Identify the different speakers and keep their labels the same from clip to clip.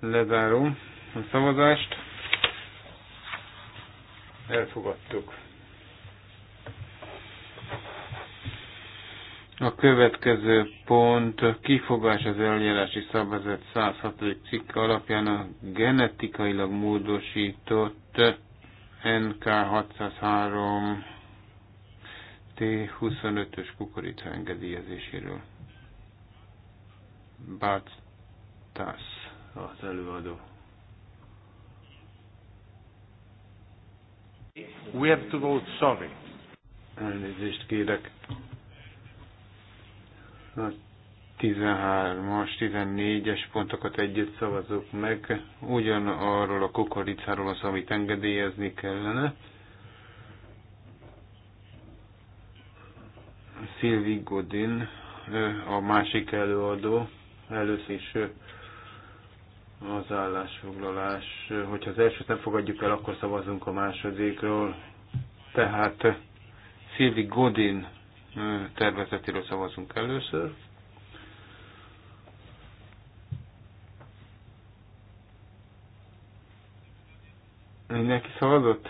Speaker 1: Lezárom a szavazást. Elfogadtuk. A következő pont kifogás az eljárási szabvezet 106. cikk alapján a genetikailag módosított NK603 T25-ös kukorica engedélyezéséről. Bart Tass az előadó. We have to vote, sorry. Elnézést kérek. A 13-as, 14-es pontokat együtt szavazok meg. Ugyanarról a kukoricáról az, amit engedélyezni kellene. Sylvie Godin, a másik előadó. Először is az állásfoglalás, hogyha az elsőt nem fogadjuk el, akkor szavazunk a másodikról. Tehát Szilvi Godin tervezetéről szavazunk először. Mindenki szavazott?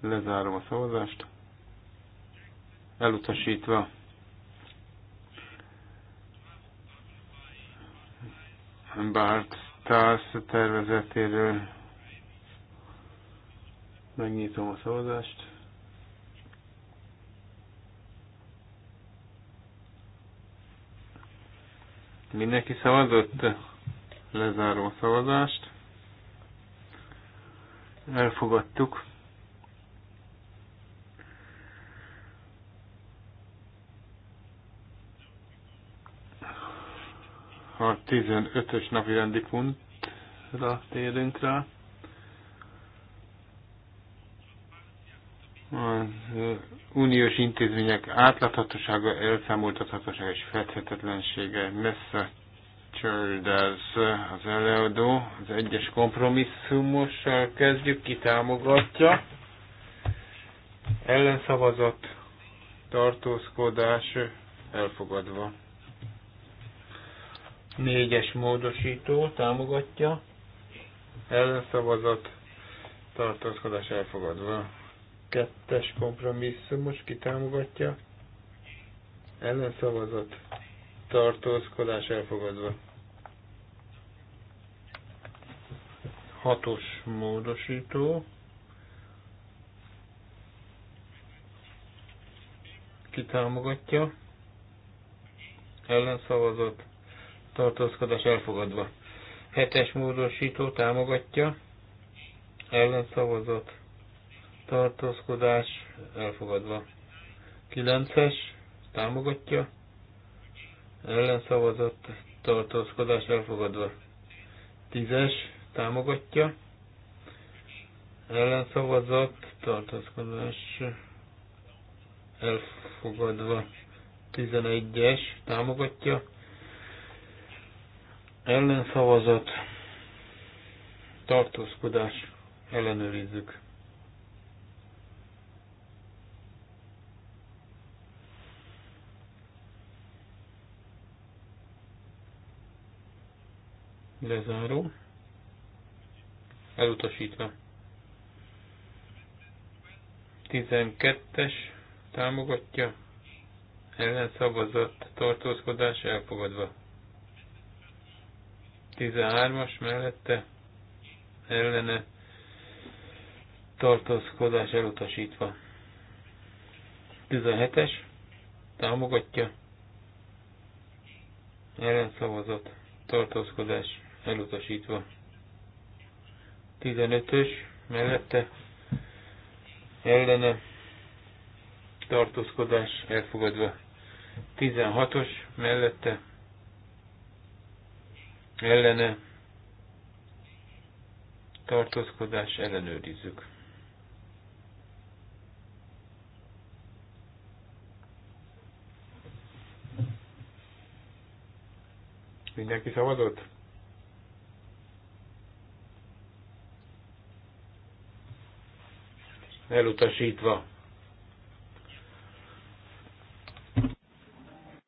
Speaker 1: Lezárom a szavazást. Elutasítva. Bart Stars tervezetéről. Megnyitom a szavazást. Mindenki szavazott? Lezárom a szavazást. Elfogadtuk. A 15-ös napi rendi pontra térünk rá. Az uniós intézmények átláthatósága, elszámoltathatósága és fedhetetlensége messze Childers az előadó, az egyes kompromisszumossal kezdjük, ki támogatja. Ellenszavazat, tartózkodás elfogadva. Négyes módosító támogatja. Ellenszavazat tartózkodás elfogadva. Kettes kompromisszumos kitámogatja. Ellenszavazat tartózkodás elfogadva. Hatos módosító. Kitámogatja. Ellenszavazat tartózkodás elfogadva. Hetes módosító támogatja, ellenszavazott tartózkodás elfogadva. Kilences támogatja, ellenszavazott tartózkodás elfogadva. Tízes támogatja, ellenszavazott tartózkodás elfogadva. 11-es támogatja, ellenszavazat, tartózkodás, ellenőrizzük. Lezáró. Elutasítva. 12-es támogatja, ellenszavazat, tartózkodás elfogadva. 13-as mellette ellene tartózkodás elutasítva. 17-es támogatja ellenszavazat tartózkodás elutasítva. 15-ös mellette ellene tartózkodás elfogadva. 16-os mellette ellene tartózkodás ellenőrizzük. Mindenki szavazott? Elutasítva.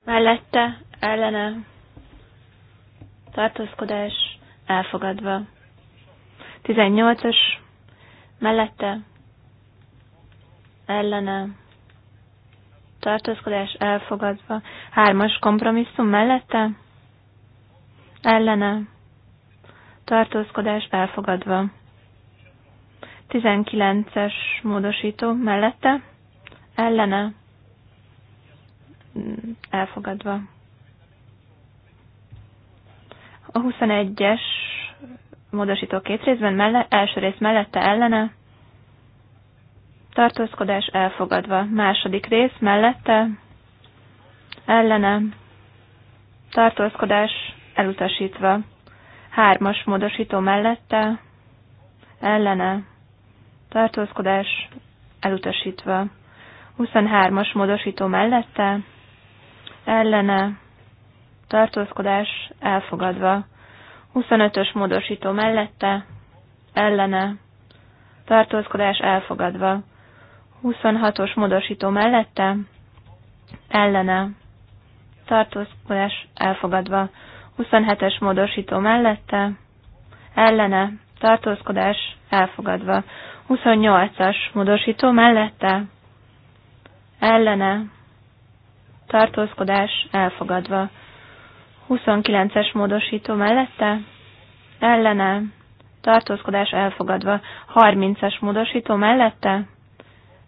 Speaker 2: Mellette, ellene tartózkodás elfogadva. 18-as mellette ellene tartózkodás elfogadva. 3-as kompromisszum mellette ellene tartózkodás elfogadva. 19-es módosító mellette ellene mm, elfogadva. A 21-es módosító két részben, melle, első rész mellette ellene, tartózkodás elfogadva. Második rész mellette, ellene, tartózkodás elutasítva. Hármas módosító mellette, ellene, tartózkodás elutasítva. 23-as módosító mellette, ellene, tartózkodás elfogadva. 25-ös módosító mellette, ellene, tartózkodás elfogadva. 26-os módosító mellette, ellene, tartózkodás elfogadva. 27-es módosító mellette, ellene, tartózkodás elfogadva. 28-as módosító mellette, ellene, tartózkodás elfogadva. 29-es módosító mellette, ellene, tartózkodás elfogadva. 30-es módosító mellette,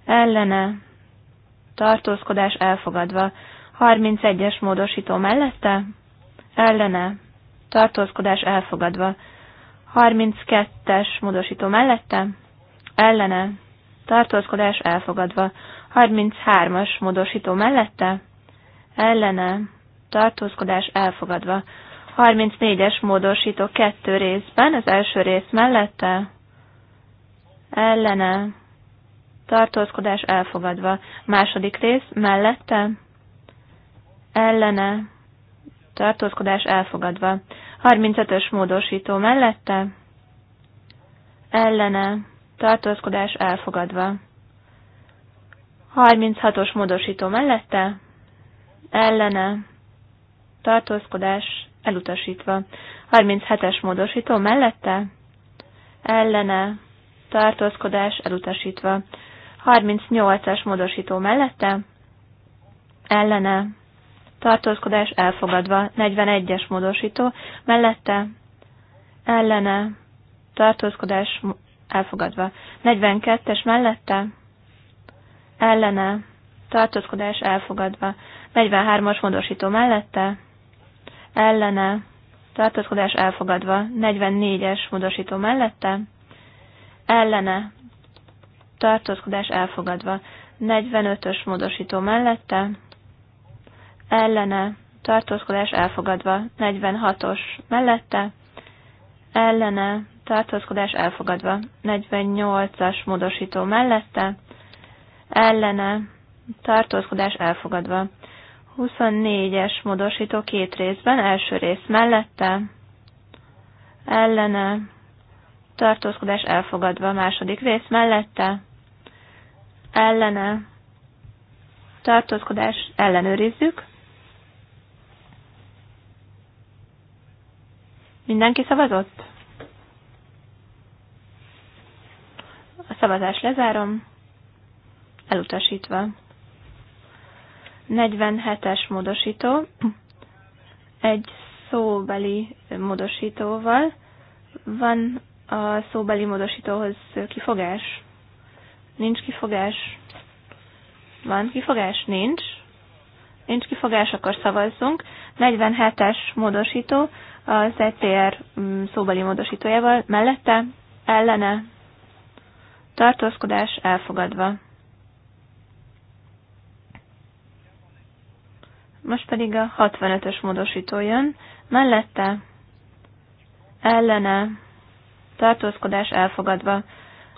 Speaker 2: ellene, tartózkodás elfogadva. 31-es módosító mellette, ellene, tartózkodás elfogadva. 32-es módosító mellette, ellene, tartózkodás elfogadva. 33-as módosító mellette, ellene, tartózkodás elfogadva. 34-es módosító kettő részben, az első rész mellette, ellene, tartózkodás elfogadva. Második rész mellette, ellene, tartózkodás elfogadva. 35-ös módosító mellette, ellene, tartózkodás elfogadva. 36-os módosító mellette, ellene, tartózkodás elutasítva. 37-es módosító mellette, ellene, tartózkodás elutasítva. 38-as módosító mellette, ellene, tartózkodás elfogadva. 41-es módosító mellette, ellene, tartózkodás elfogadva. 42-es mellette, ellene, tartózkodás elfogadva. 43-as módosító mellette, ellene, tartózkodás elfogadva, 44-es módosító mellette, ellene, tartózkodás elfogadva, 45-ös módosító mellette, ellene, tartózkodás elfogadva, 46-os mellette, ellene, tartózkodás elfogadva, 48-as módosító mellette, ellene, tartózkodás elfogadva, 24-es módosító két részben, első rész mellette, ellene, tartózkodás elfogadva, második rész mellette, ellene, tartózkodás ellenőrizzük. Mindenki szavazott? A szavazás lezárom, elutasítva. 47-es módosító, egy szóbeli módosítóval. Van a szóbeli módosítóhoz kifogás? Nincs kifogás. Van kifogás? Nincs. Nincs kifogás, akkor szavazzunk. 47-es módosító az ECR mm, szóbeli módosítójával mellette, ellene, tartózkodás elfogadva. Most pedig a 65-ös módosító jön, mellette ellene tartózkodás elfogadva.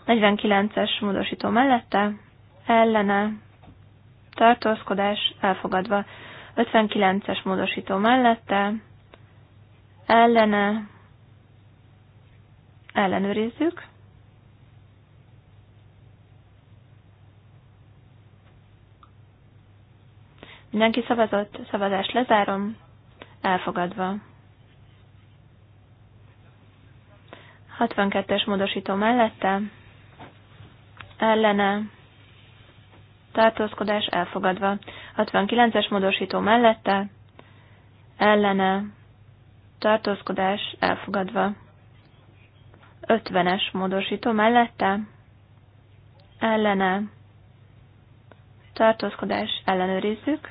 Speaker 2: 49-es módosító mellette ellene tartózkodás elfogadva. 59-es módosító mellette ellene ellenőrizzük. Mindenki szavazott, szavazást lezárom, elfogadva. 62-es módosító mellette, ellene, tartózkodás elfogadva. 69-es módosító mellette, ellene, tartózkodás elfogadva. 50-es módosító mellette, ellene, tartózkodás ellenőrizzük.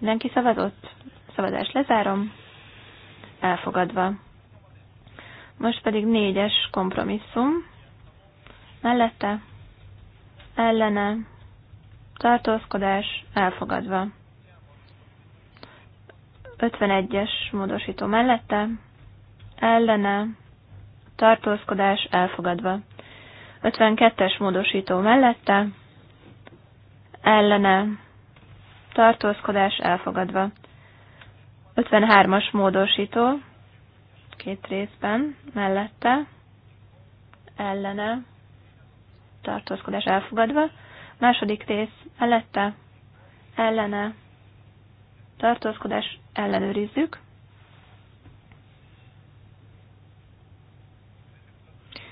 Speaker 2: Mindenki szavazott? Szavazást lezárom. Elfogadva. Most pedig négyes kompromisszum. Mellette, ellene, tartózkodás, elfogadva. 51-es módosító mellette, ellene, tartózkodás, elfogadva. 52-es módosító mellette, ellene, tartózkodás elfogadva. 53-as módosító, két részben, mellette, ellene, tartózkodás elfogadva. Második rész, mellette, ellene, tartózkodás ellenőrizzük.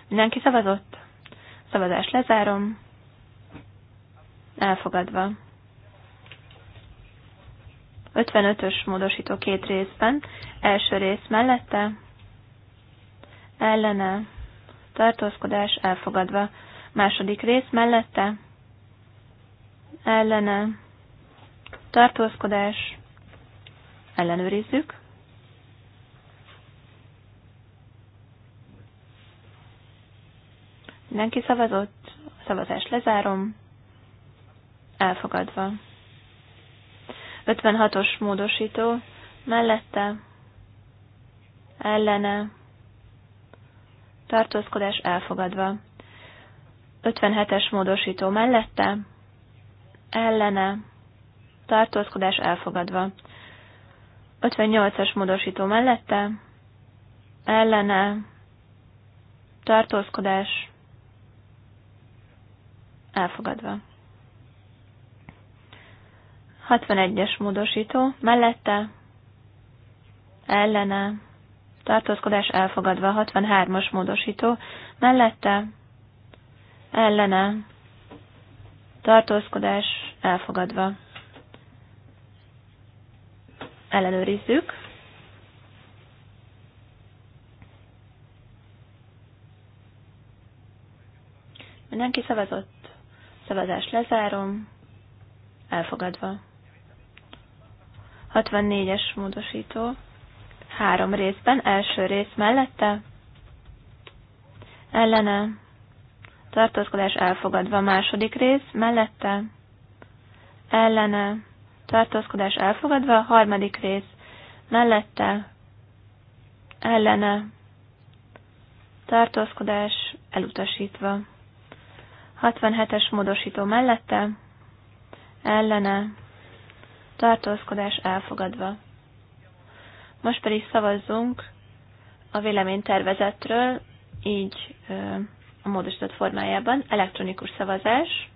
Speaker 2: Mindenki szavazott? Szavazást lezárom. Elfogadva. 55-ös módosító két részben, első rész mellette, ellene, tartózkodás elfogadva, második rész mellette, ellene, tartózkodás, ellenőrizzük. Mindenki szavazott, szavazást lezárom, elfogadva. 56-os módosító mellette ellene tartózkodás elfogadva. 57-es módosító mellette ellene tartózkodás elfogadva. 58-as módosító mellette ellene tartózkodás elfogadva. 61-es módosító, mellette, ellene, tartózkodás elfogadva, 63-as módosító, mellette, ellene, tartózkodás elfogadva. Ellenőrizzük. Mindenki szavazott. Szavazást lezárom. Elfogadva. 64-es módosító. Három részben, első rész mellette. Ellene. Tartózkodás elfogadva. Második rész mellette. Ellene. Tartózkodás elfogadva. Harmadik rész mellette. Ellene. Tartózkodás elutasítva. 67-es módosító mellette. Ellene tartózkodás elfogadva. Most pedig szavazzunk a véleménytervezetről, így a módosított formájában, elektronikus szavazás.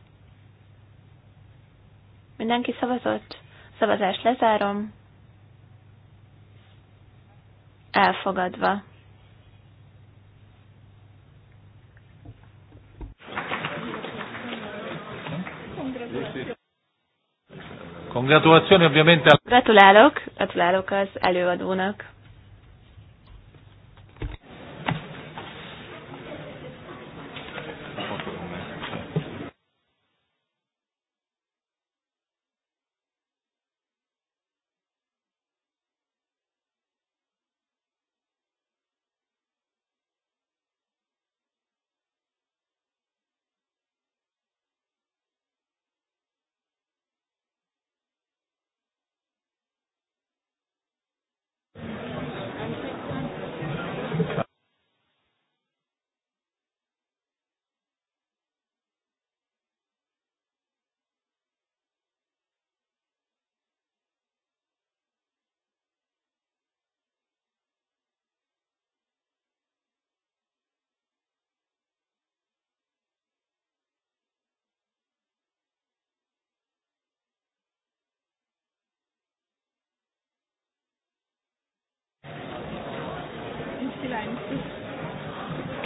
Speaker 2: Mindenki szavazott? Szavazást lezárom. Elfogadva. Congratulazioni ovviamente. Gratulálok, gratulálok az előadónak.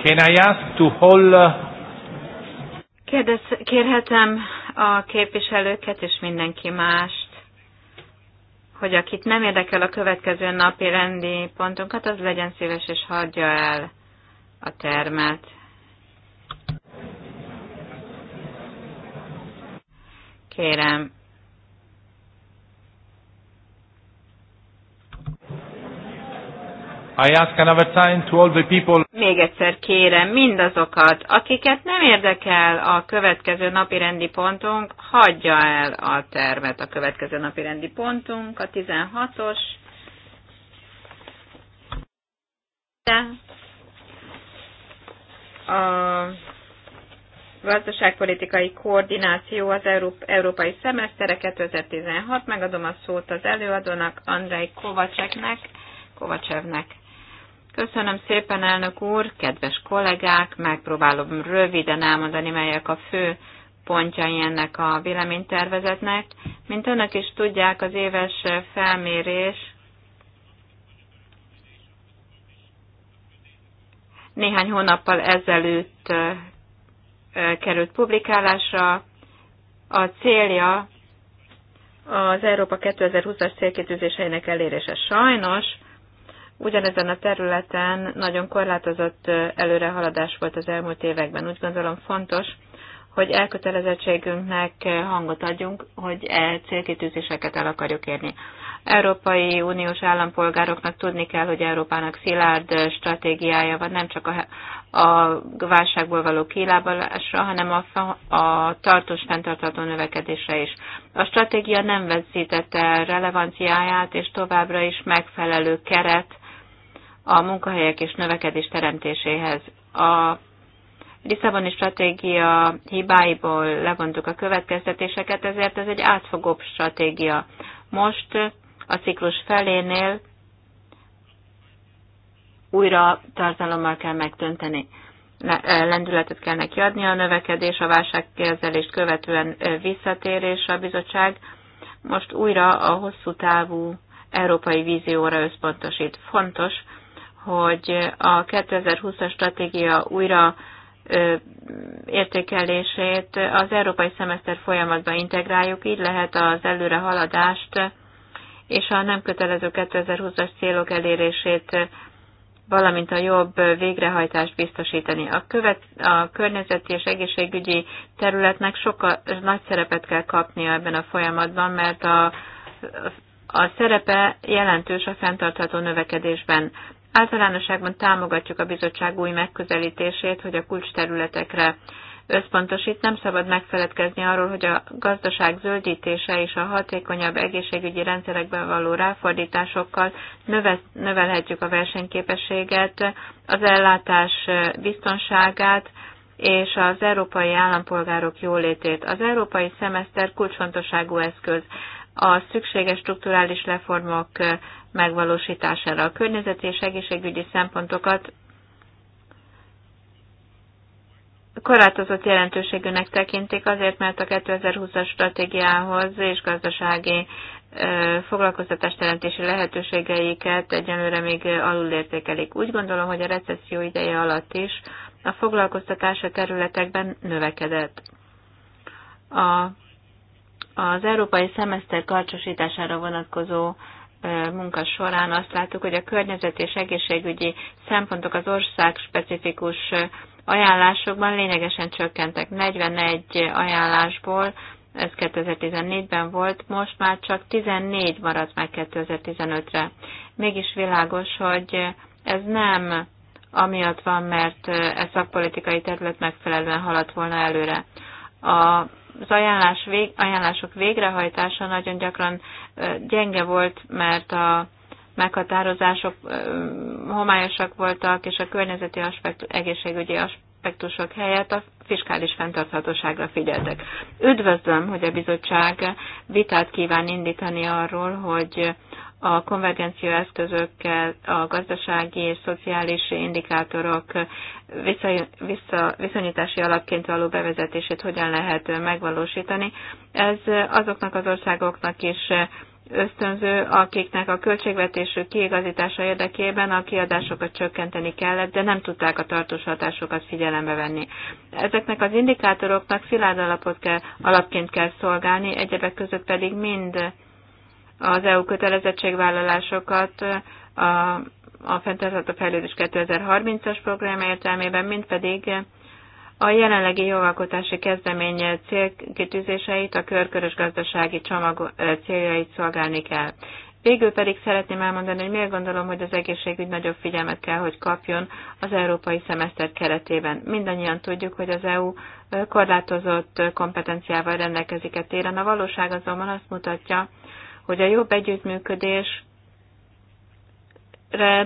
Speaker 1: Can I ask to hold... Uh,
Speaker 3: Kérdez, kérhetem a képviselőket és mindenki mást, hogy akit nem érdekel a következő napi rendi pontunkat, az legyen szíves és hagyja el a termet. Kérem,
Speaker 1: I ask another time to all the people.
Speaker 3: Még egyszer kérem mindazokat, akiket nem érdekel a következő napi rendi pontunk, hagyja el a termet a következő napi rendi pontunk, a 16-os. A gazdaságpolitikai koordináció az Európ- európai szemesztere 2016. Megadom a szót az előadónak, Andrei Kovacseknek. Kovacsevnek. Köszönöm szépen, elnök úr, kedves kollégák, megpróbálom röviden elmondani, melyek a fő pontjai ennek a véleménytervezetnek. Mint önök is tudják, az éves felmérés néhány hónappal ezelőtt került publikálásra. A célja az Európa 2020-as célkitűzéseinek elérése. Sajnos Ugyanezen a területen nagyon korlátozott előrehaladás volt az elmúlt években. Úgy gondolom fontos, hogy elkötelezettségünknek hangot adjunk, hogy e célkitűzéseket el akarjuk érni. Európai Uniós állampolgároknak tudni kell, hogy Európának szilárd stratégiája van, nem csak a, a válságból való kilábalásra, hanem a, a tartós fenntartató növekedésre is. A stratégia nem veszítette relevanciáját, és továbbra is megfelelő keret a munkahelyek és növekedés teremtéséhez. A Lisszaboni stratégia hibáiból levontuk a következtetéseket, ezért ez egy átfogóbb stratégia. Most a ciklus felénél újra tartalommal kell megtönteni. Lendületet kell neki adni a növekedés, a válságkezelést követően visszatérés a bizottság. Most újra a hosszú távú európai vízióra összpontosít. Fontos, hogy a 2020-as stratégia újra értékelését az európai szemeszter folyamatban integráljuk, így lehet az előre haladást és a nem kötelező 2020-as célok elérését, valamint a jobb végrehajtást biztosítani. A, követ, a környezeti és egészségügyi területnek sokkal nagy szerepet kell kapnia ebben a folyamatban, mert a, a szerepe jelentős a fenntartható növekedésben. Általánosságban támogatjuk a bizottság új megközelítését, hogy a kulcsterületekre összpontosít, nem szabad megfeledkezni arról, hogy a gazdaság zöldítése és a hatékonyabb egészségügyi rendszerekben való ráfordításokkal növelhetjük a versenyképességet, az ellátás biztonságát, és az európai állampolgárok jólétét. Az európai szemeszter kulcsfontosságú eszköz a szükséges strukturális reformok megvalósítására. A környezeti és egészségügyi szempontokat korlátozott jelentőségűnek tekintik azért, mert a 2020-as stratégiához és gazdasági foglalkoztatás teremtési lehetőségeiket egyenlőre még alul értékelik. Úgy gondolom, hogy a recesszió ideje alatt is a foglalkoztatás a területekben növekedett. A az európai szemeszter karcsosítására vonatkozó munka során azt láttuk, hogy a környezet és egészségügyi szempontok az ország specifikus ajánlásokban lényegesen csökkentek. 41 ajánlásból, ez 2014-ben volt, most már csak 14 maradt meg 2015-re. Mégis világos, hogy ez nem amiatt van, mert ez politikai terület megfelelően haladt volna előre. A az ajánlás vég, ajánlások végrehajtása nagyon gyakran gyenge volt, mert a meghatározások homályosak voltak, és a környezeti aspektus, egészségügyi aspektusok helyett a fiskális fenntarthatóságra figyeltek. Üdvözlöm, hogy a bizottság vitát kíván indítani arról, hogy a konvergencia eszközökkel, a gazdasági és szociális indikátorok viszonyítási alapként való bevezetését hogyan lehet megvalósítani. Ez azoknak az országoknak is ösztönző, akiknek a költségvetésük kiigazítása érdekében a kiadásokat csökkenteni kellett, de nem tudták a tartós hatásokat figyelembe venni. Ezeknek az indikátoroknak szilárd alapot kell, alapként kell szolgálni, egyebek között pedig mind az EU kötelezettségvállalásokat a, a fenntartható fejlődés 2030-as program értelmében, mint pedig a jelenlegi jogalkotási kezdemény célkitűzéseit, a körkörös gazdasági csomag céljait szolgálni kell. Végül pedig szeretném elmondani, hogy miért gondolom, hogy az egészségügy nagyobb figyelmet kell, hogy kapjon az európai szemeszter keretében. Mindannyian tudjuk, hogy az EU korlátozott kompetenciával rendelkezik a e téren. A valóság azonban azt mutatja, hogy a jobb együttműködésre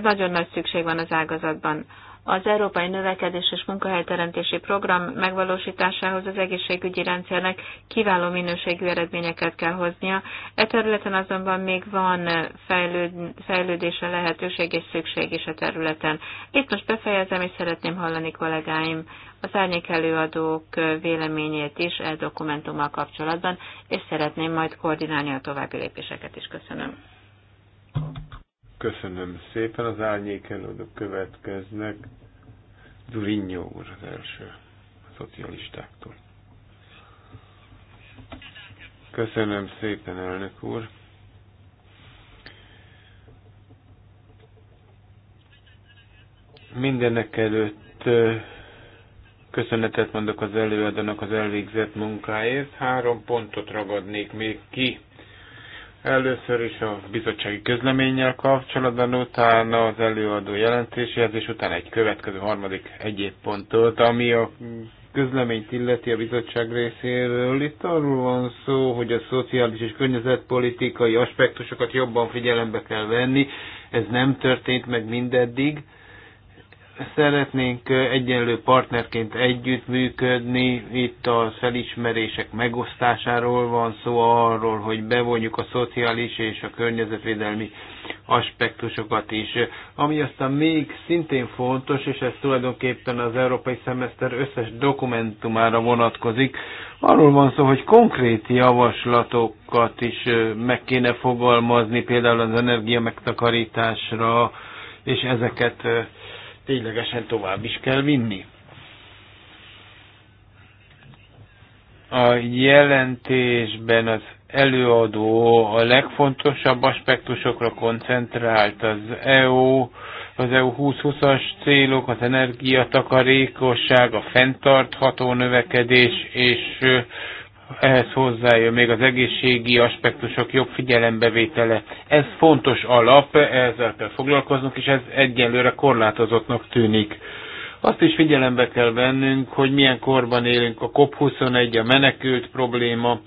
Speaker 3: nagyon nagy szükség van az ágazatban. Az Európai Növekedés és Munkahelyteremtési Program megvalósításához az egészségügyi rendszernek kiváló minőségű eredményeket kell hoznia. E területen azonban még van fejlőd, fejlődése lehetőség és szükség is a területen. Itt most befejezem, és szeretném hallani kollégáim az árnyék előadók véleményét is e dokumentummal kapcsolatban, és szeretném majd koordinálni a további lépéseket is. Köszönöm.
Speaker 1: Köszönöm szépen. Az árnyék előadók következnek. Durinyó úr az első a szocialistáktól. Köszönöm szépen, elnök úr. Mindenek előtt Köszönetet mondok az előadónak az elvégzett munkáért. Három pontot ragadnék még ki. Először is a bizottsági közleménnyel kapcsolatban, utána az előadó jelentéséhez, és utána egy következő harmadik egyéb pontot, ami a közleményt illeti a bizottság részéről. Itt arról van szó, hogy a szociális és környezetpolitikai aspektusokat jobban figyelembe kell venni. Ez nem történt meg mindeddig Szeretnénk egyenlő partnerként együttműködni, itt a felismerések megosztásáról van szó, arról, hogy bevonjuk a szociális és a környezetvédelmi aspektusokat is. Ami aztán még szintén fontos, és ez tulajdonképpen az európai szemeszter összes dokumentumára vonatkozik, arról van szó, hogy konkrét javaslatokat is meg kéne fogalmazni, például az energia megtakarításra, és ezeket ténylegesen tovább is kell vinni. A jelentésben az előadó a legfontosabb aspektusokra koncentrált az EU, az EU 2020-as célok, az energiatakarékosság, a fenntartható növekedés és ehhez hozzájön még az egészségi aspektusok jobb figyelembevétele. Ez fontos alap, ezzel kell foglalkoznunk, és ez egyenlőre korlátozottnak tűnik. Azt is figyelembe kell vennünk, hogy milyen korban élünk, a COP21, a menekült probléma,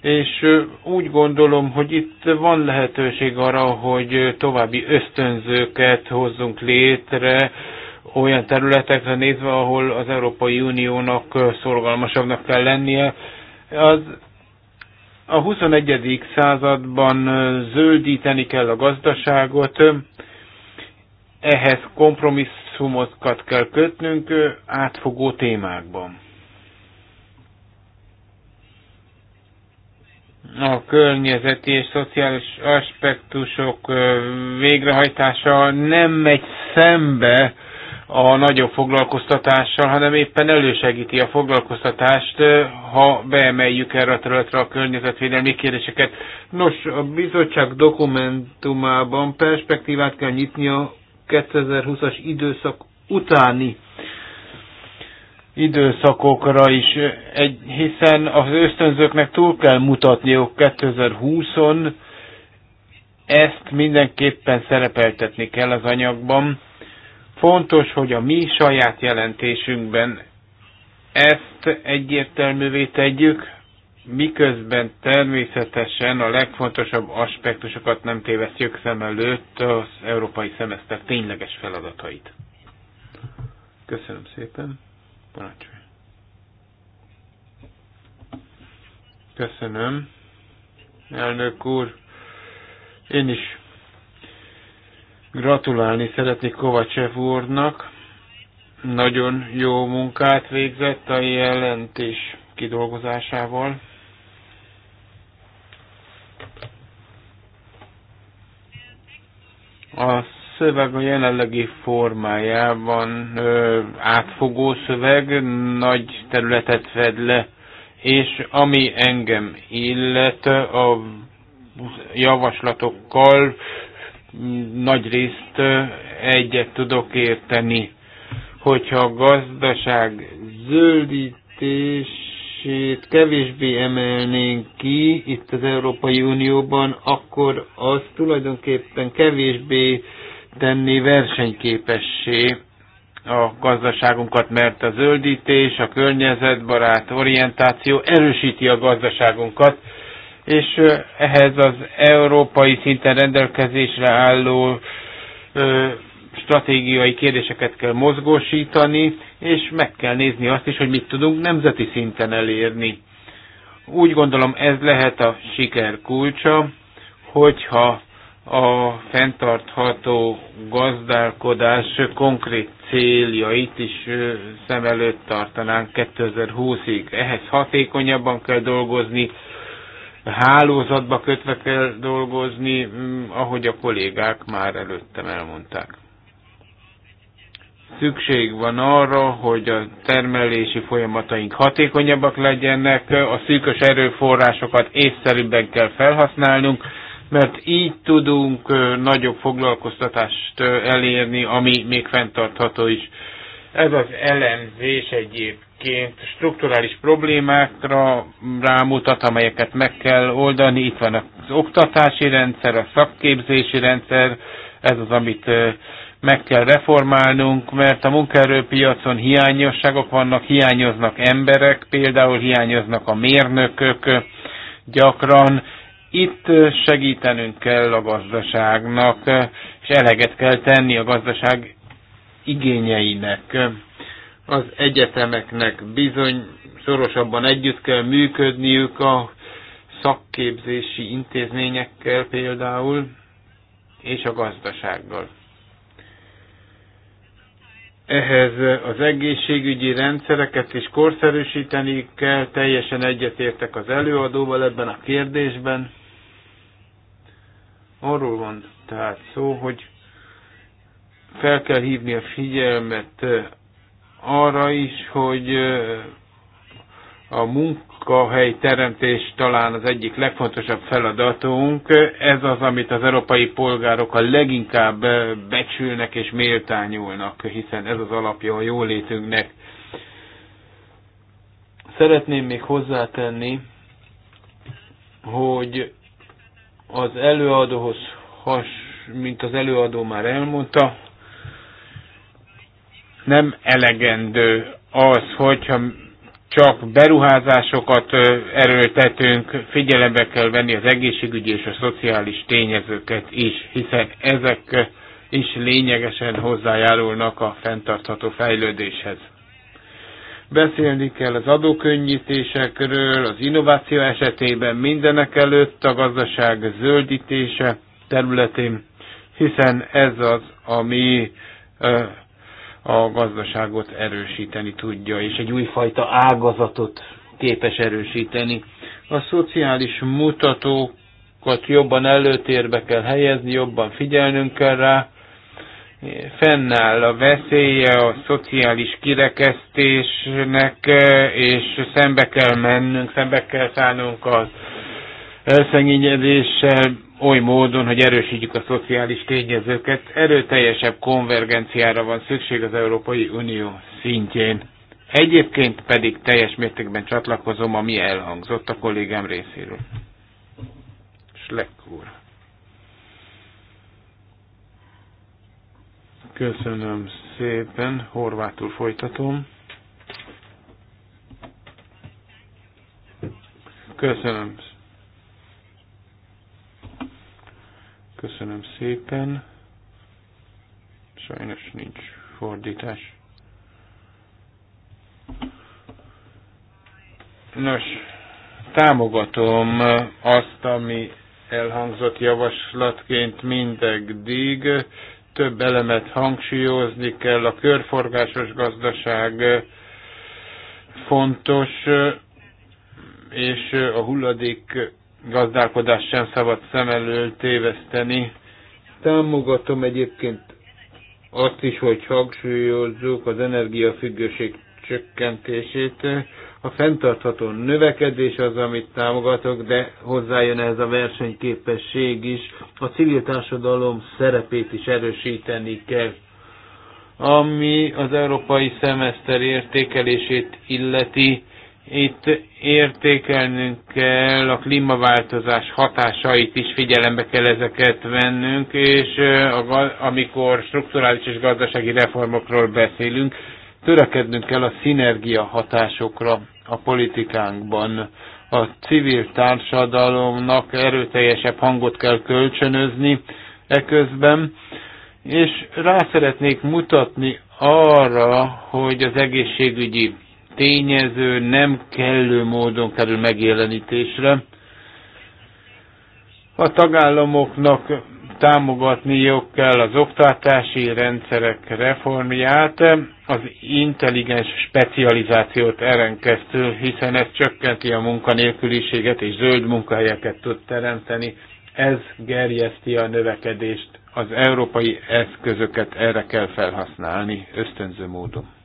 Speaker 1: és úgy gondolom, hogy itt van lehetőség arra, hogy további ösztönzőket hozzunk létre, olyan területekre nézve, ahol az Európai Uniónak szorgalmasabbnak kell lennie, az, a 21. században zöldíteni kell a gazdaságot, ehhez kompromisszumokat kell kötnünk átfogó témákban. a környezeti és szociális aspektusok végrehajtása nem megy szembe a nagyobb foglalkoztatással, hanem éppen elősegíti a foglalkoztatást, ha beemeljük erre a területre a környezetvédelmi kérdéseket. Nos, a bizottság dokumentumában perspektívát kell nyitni a 2020-as időszak utáni időszakokra is, egy, hiszen az ösztönzőknek túl kell mutatniuk 2020-on, ezt mindenképpen szerepeltetni kell az anyagban Fontos, hogy a mi saját jelentésünkben ezt egyértelművé tegyük, miközben természetesen a legfontosabb aspektusokat nem tévesztjük szem előtt az európai szemeszter tényleges feladatait. Köszönöm szépen. Parancsolj. Köszönöm. Elnök úr, én is Gratulálni szeretnék Kovacsev úrnak. Nagyon jó munkát végzett a jelentés kidolgozásával. A szöveg a jelenlegi formájában ö, átfogó szöveg, nagy területet fed le, és ami engem illet, a javaslatokkal nagy részt egyet tudok érteni, hogyha a gazdaság zöldítését kevésbé emelnénk ki itt az Európai Unióban, akkor az tulajdonképpen kevésbé tenni versenyképessé a gazdaságunkat, mert a zöldítés, a környezetbarát orientáció erősíti a gazdaságunkat, és ehhez az európai szinten rendelkezésre álló stratégiai kérdéseket kell mozgósítani, és meg kell nézni azt is, hogy mit tudunk nemzeti szinten elérni. Úgy gondolom ez lehet a siker kulcsa, hogyha a fenntartható gazdálkodás konkrét céljait is szem előtt tartanánk 2020-ig. Ehhez hatékonyabban kell dolgozni, hálózatba kötve kell dolgozni, mm, ahogy a kollégák már előttem elmondták. Szükség van arra, hogy a termelési folyamataink hatékonyabbak legyenek, a szűkös erőforrásokat észszerűbben kell felhasználnunk, mert így tudunk nagyobb foglalkoztatást elérni, ami még fenntartható is. Ez az elemzés egyébként egyébként strukturális problémákra rámutat, amelyeket meg kell oldani. Itt van az oktatási rendszer, a szakképzési rendszer, ez az, amit meg kell reformálnunk, mert a munkaerőpiacon hiányosságok vannak, hiányoznak emberek, például hiányoznak a mérnökök gyakran. Itt segítenünk kell a gazdaságnak, és eleget kell tenni a gazdaság igényeinek az egyetemeknek bizony szorosabban együtt kell működniük a szakképzési intézményekkel például, és a gazdasággal. Ehhez az egészségügyi rendszereket is korszerűsíteni kell, teljesen egyetértek az előadóval ebben a kérdésben. Arról van tehát szó, hogy fel kell hívni a figyelmet arra is, hogy a munkahely teremtés talán az egyik legfontosabb feladatunk. Ez az, amit az európai polgárok a leginkább becsülnek és méltányulnak, hiszen ez az alapja a jólétünknek. Szeretném még hozzátenni, hogy az előadóhoz has, mint az előadó már elmondta, nem elegendő az, hogyha csak beruházásokat erőltetünk, figyelembe kell venni az egészségügyi és a szociális tényezőket is, hiszen ezek is lényegesen hozzájárulnak a fenntartható fejlődéshez. Beszélni kell az adókönnyítésekről, az innováció esetében mindenek előtt a gazdaság zöldítése területén, hiszen ez az, ami a gazdaságot erősíteni tudja, és egy újfajta ágazatot képes erősíteni. A szociális mutatókat jobban előtérbe kell helyezni, jobban figyelnünk kell rá. Fennáll a veszélye a szociális kirekesztésnek, és szembe kell mennünk, szembe kell szállnunk az elszegényedéssel oly módon, hogy erősítjük a szociális tényezőket. Erőteljesebb konvergenciára van szükség az Európai Unió szintjén. Egyébként pedig teljes mértékben csatlakozom, ami elhangzott a kollégám részéről. Schleck úr. Köszönöm szépen. Horvátul folytatom. Köszönöm Köszönöm szépen. Sajnos nincs fordítás. Nos, támogatom azt, ami elhangzott javaslatként mindegdig. Több elemet hangsúlyozni kell. A körforgásos gazdaság fontos, és a hulladék gazdálkodás sem szabad szem elől téveszteni. Támogatom egyébként azt is, hogy hangsúlyozzuk az energiafüggőség csökkentését. A fenntartható növekedés az, amit támogatok, de hozzájön ehhez a versenyképesség is. A civil társadalom szerepét is erősíteni kell. Ami az európai szemeszter értékelését illeti, itt értékelnünk kell a klímaváltozás hatásait is, figyelembe kell ezeket vennünk, és amikor strukturális és gazdasági reformokról beszélünk, törekednünk kell a szinergia hatásokra a politikánkban. A civil társadalomnak erőteljesebb hangot kell kölcsönözni eközben, és rá szeretnék mutatni arra, hogy az egészségügyi tényező nem kellő módon kerül megjelenítésre. A tagállamoknak támogatniuk kell az oktatási rendszerek reformját, az intelligens specializációt erenkeztő, hiszen ez csökkenti a munkanélküliséget és zöld munkahelyeket tud teremteni. Ez gerjeszti a növekedést. Az európai eszközöket erre kell felhasználni ösztönző módon.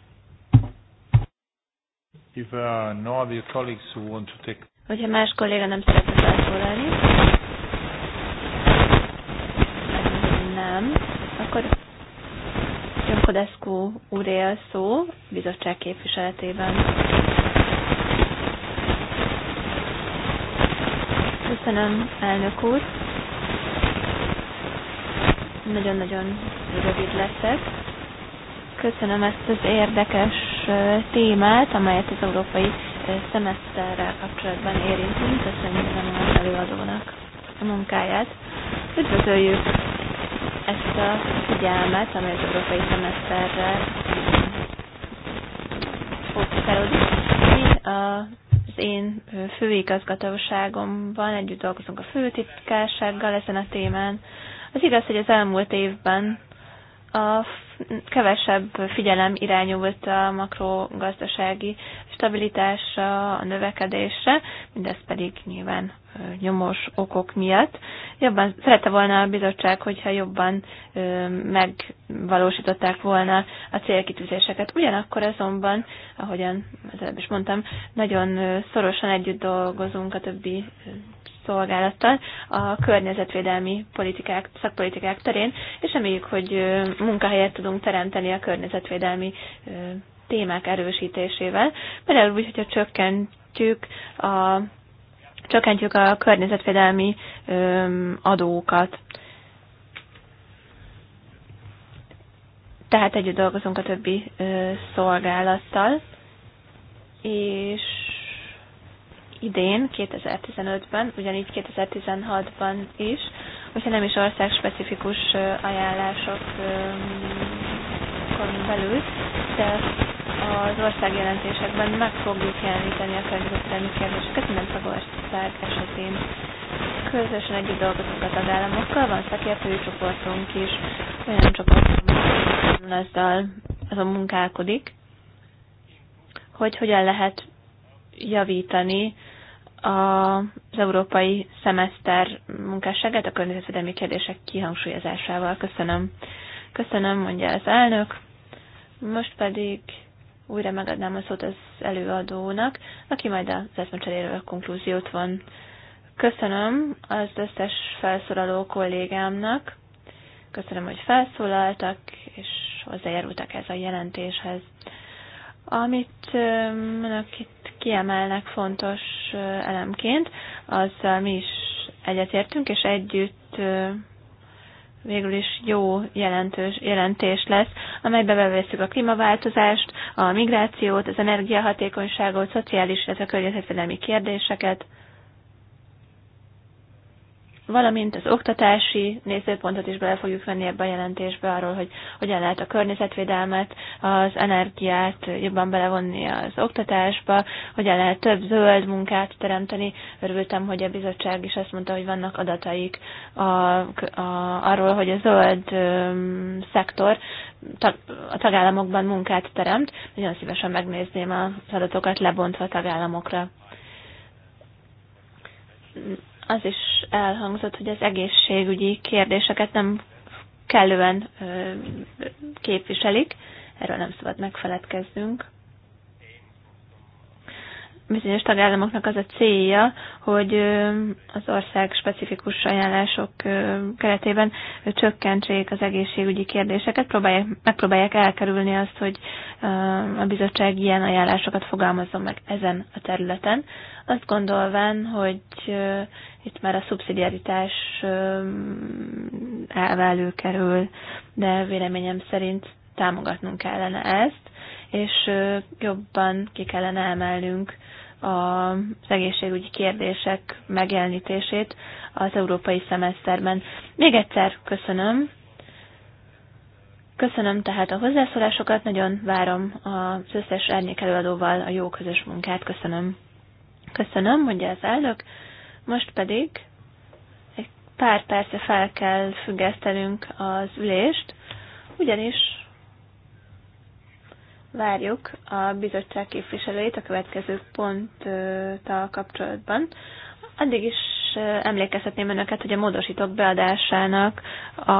Speaker 1: If uh, no other colleagues who want to take...
Speaker 2: Hogyha más kolléga nem szeretne felszólalni, nem, akkor Jankodeszkó úré a szó bizottság képviseletében. Köszönöm, elnök úr. Nagyon-nagyon rövid leszek. Köszönöm ezt az érdekes témát, amelyet az európai szemeszterrel kapcsolatban érintünk. Köszönjük az előadónak a munkáját. Üdvözöljük ezt a figyelmet, amely az európai szemeszterrel fókuszálódik. Mi az én főigazgatóságomban együtt dolgozunk a főtitkársággal ezen a témán. Az igaz, hogy az elmúlt évben a kevesebb figyelem irányult a makrogazdasági stabilitásra, a növekedésre, mindez pedig nyilván nyomos okok miatt. Jobban szerette volna a bizottság, hogyha jobban megvalósították volna a célkitűzéseket. Ugyanakkor azonban, ahogyan az előbb is mondtam, nagyon szorosan együtt dolgozunk a többi szolgálattal a környezetvédelmi politikák, szakpolitikák terén, és reméljük, hogy munkahelyet tudunk teremteni a környezetvédelmi témák erősítésével. Például úgy, hogyha csökkentjük a, csökkentjük a környezetvédelmi adókat. Tehát együtt dolgozunk a többi szolgálattal, és idén, 2015-ben, ugyanígy 2016-ban is, hogyha nem is országspecifikus ajánlásokon belül, de az országjelentésekben meg fogjuk jeleníteni a környezetvédelmi kérdéseket minden tagország esetén. Közösen együtt dolgozunk a tagállamokkal, van szakértői csoportunk is, olyan csoportunk, azzal azon munkálkodik, hogy hogyan lehet javítani az európai szemeszter munkásságát a környezetvédelmi kérdések kihangsúlyozásával. Köszönöm. Köszönöm, mondja az elnök. Most pedig újra megadnám a szót az előadónak, aki majd az eszmecseréről a konklúziót van. Köszönöm az összes felszólaló kollégámnak, köszönöm, hogy felszólaltak, és hozzájárultak ez a jelentéshez. Amit önök itt kiemelnek fontos elemként, azzal mi is egyetértünk, és együtt végül is jó jelentős, jelentés lesz, amelybe beveszük a klímaváltozást, a migrációt, az energiahatékonyságot, szociális, illetve környezetvédelmi kérdéseket, valamint az oktatási nézőpontot is bele fogjuk venni ebbe a jelentésbe arról, hogy hogyan lehet a környezetvédelmet, az energiát jobban belevonni az oktatásba, hogyan lehet több zöld munkát teremteni. Örültem, hogy a bizottság is azt mondta, hogy vannak adataik a, a, arról, hogy a zöld um, szektor a tagállamokban munkát teremt. Nagyon szívesen megnézném az adatokat lebontva a tagállamokra az is elhangzott, hogy az egészségügyi kérdéseket nem kellően képviselik, erről nem szabad megfeledkeznünk bizonyos tagállamoknak az a célja, hogy az ország specifikus ajánlások keretében csökkentsék az egészségügyi kérdéseket, próbálják, megpróbálják elkerülni azt, hogy a bizottság ilyen ajánlásokat fogalmazzon meg ezen a területen. Azt gondolván, hogy itt már a szubszidiaritás elvelő kerül, de véleményem szerint támogatnunk kellene ezt, és jobban ki kellene emelnünk az egészségügyi kérdések megjelenítését az európai szemeszterben. Még egyszer köszönöm. Köszönöm tehát a hozzászólásokat, nagyon várom az összes árnyék előadóval a jó közös munkát. Köszönöm. Köszönöm, mondja az elnök. Most pedig egy pár perce fel kell függesztenünk az ülést, ugyanis várjuk a bizottság képviselőit a következő ponttal kapcsolatban. Addig is emlékeztetném önöket, hogy a módosítók beadásának a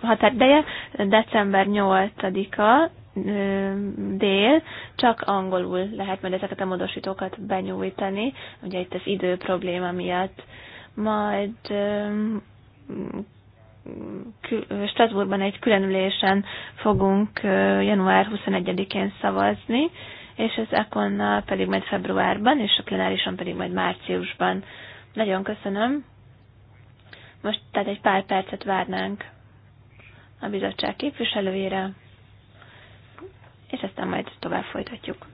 Speaker 2: határideje december 8-a dél, csak angolul lehet majd ezeket a módosítókat benyújtani, ugye itt az idő probléma miatt. Majd Strasbourgban egy különülésen fogunk január 21-én szavazni, és az Econnal pedig majd februárban, és a plenárison pedig majd márciusban. Nagyon köszönöm. Most tehát egy pár percet várnánk a bizottság képviselőjére, és aztán majd tovább folytatjuk.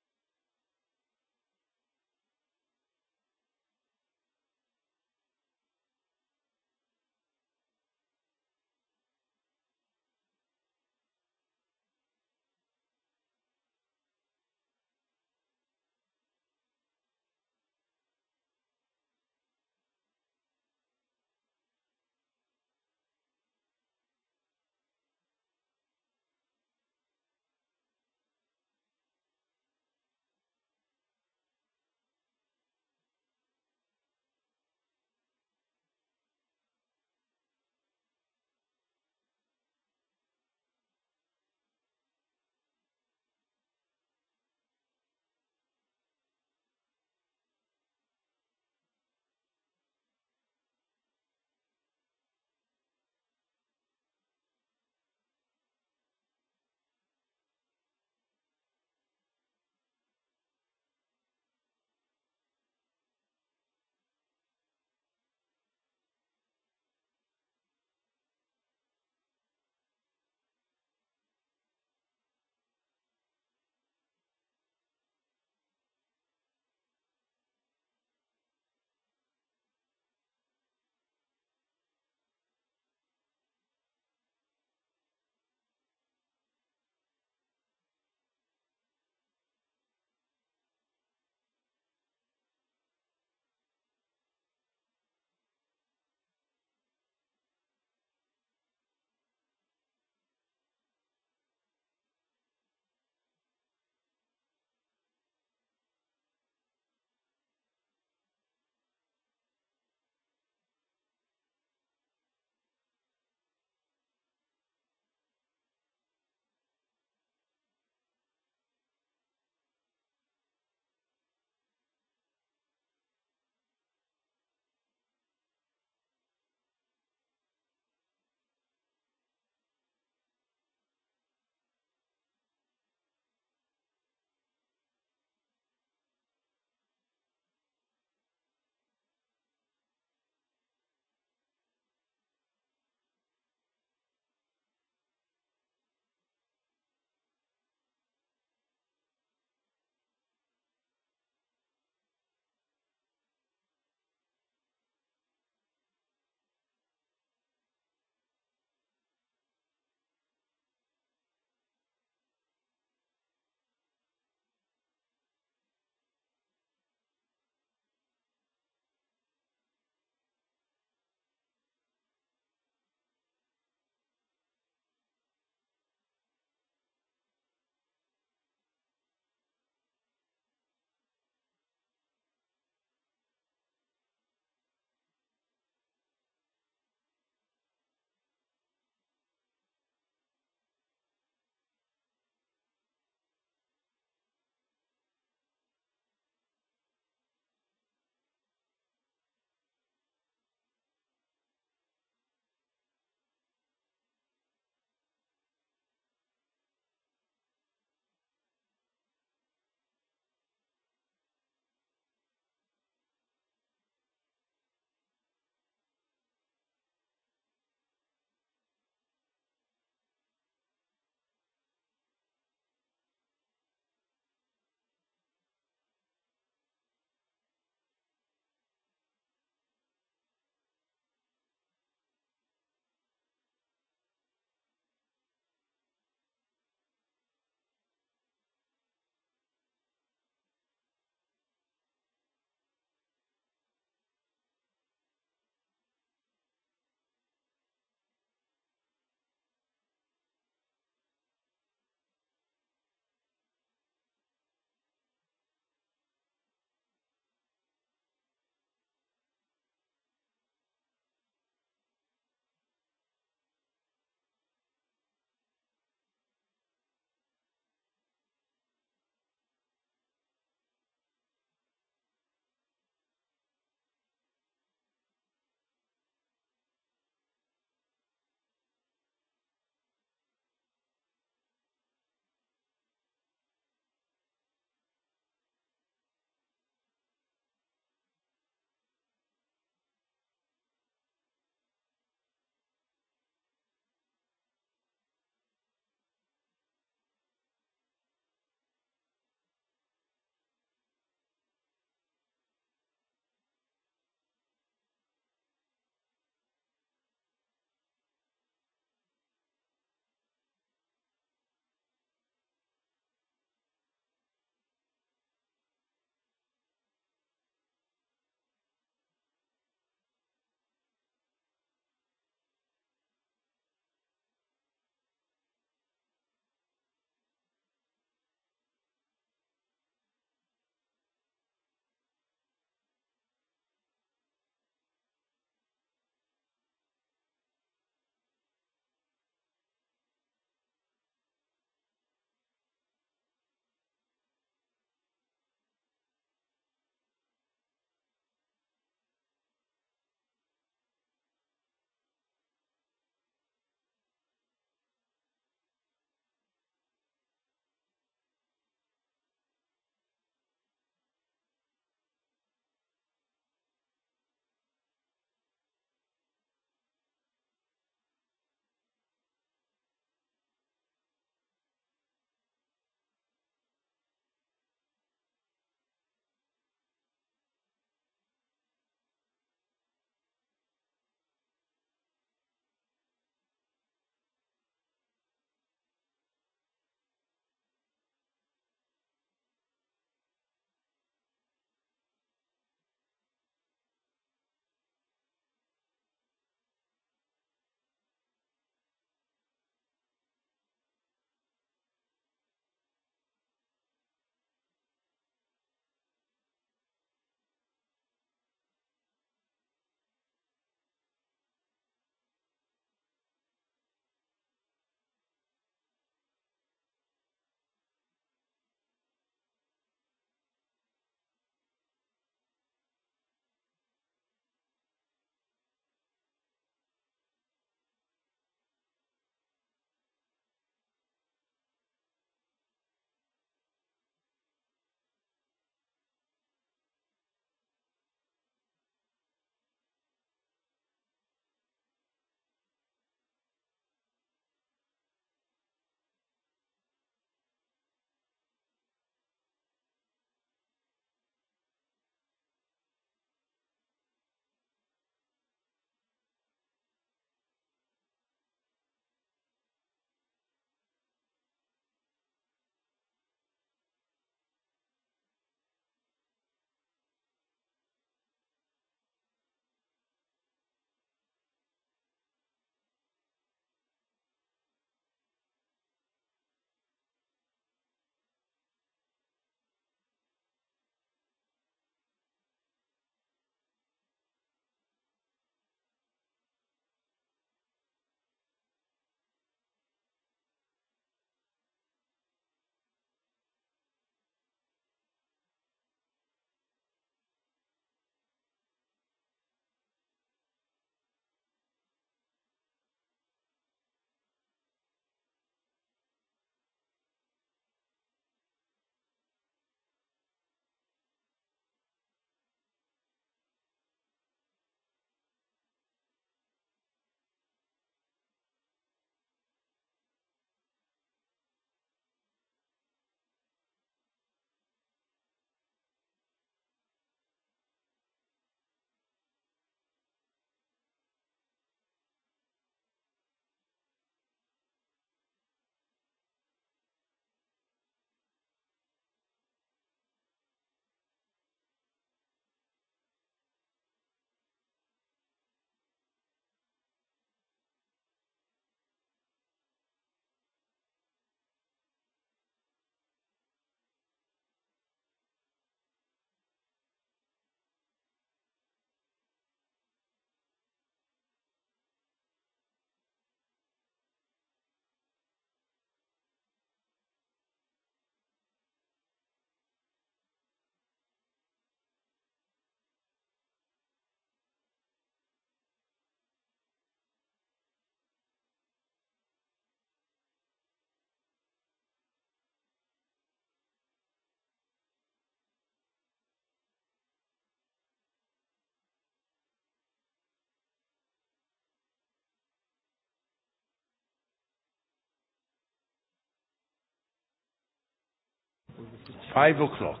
Speaker 1: Five o'clock.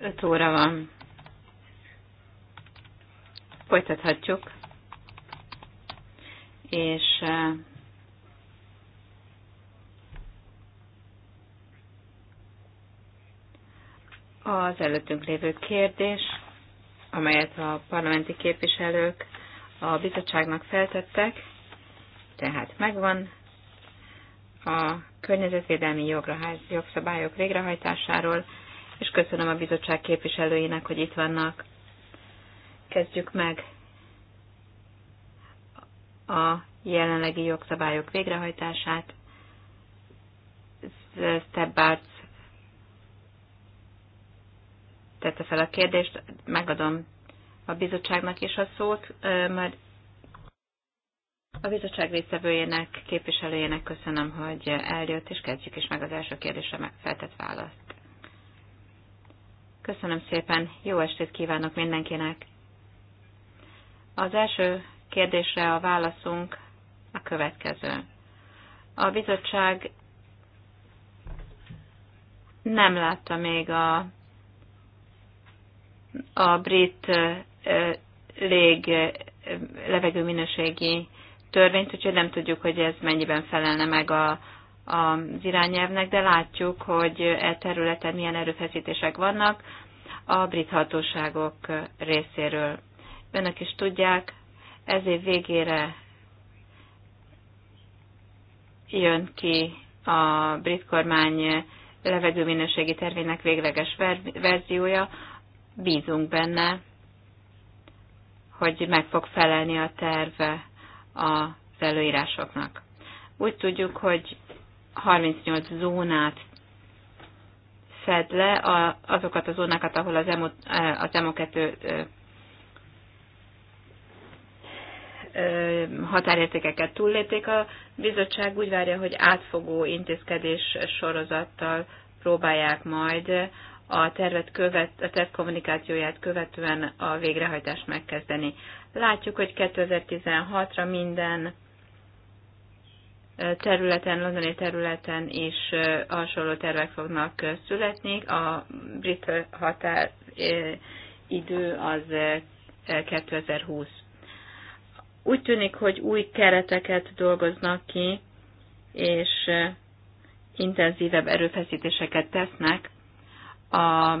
Speaker 3: Öt óra van. Folytathatjuk. És az előttünk lévő kérdés, amelyet a parlamenti képviselők a bizottságnak feltettek, tehát megvan a környezetvédelmi jográz, jogszabályok végrehajtásáról, és köszönöm a bizottság képviselőinek, hogy itt vannak. Kezdjük meg a jelenlegi jogszabályok végrehajtását. Stebbarts tette fel a kérdést, megadom a bizottságnak is a szót, majd a bizottság résztvevőjének, képviselőjének köszönöm, hogy eljött, és kezdjük is meg az első kérdésre feltett választ. Köszönöm szépen, jó estét kívánok mindenkinek! Az első kérdésre a válaszunk a következő. A bizottság nem látta még a, a brit lég levegőminőségi törvényt, úgyhogy nem tudjuk, hogy ez mennyiben felelne meg a, az irányelvnek, de látjuk, hogy e területen milyen erőfeszítések vannak a brit hatóságok részéről. Önök is tudják, ez év végére jön ki a brit kormány levegőminőségi tervének végleges verziója. Bízunk benne, hogy meg fog felelni a terve az előírásoknak. Úgy tudjuk, hogy 38 zónát fed le a, azokat a zónákat, ahol az, EMO, az EMO2 határértékeket túllépték. A bizottság úgy várja, hogy átfogó intézkedés sorozattal próbálják majd a tervet követ, a terv kommunikációját követően a végrehajtást megkezdeni. Látjuk, hogy 2016-ra minden területen, londoni területen is hasonló tervek fognak születni. A brit határ idő az 2020. Úgy tűnik, hogy új kereteket dolgoznak ki, és intenzívebb erőfeszítéseket tesznek a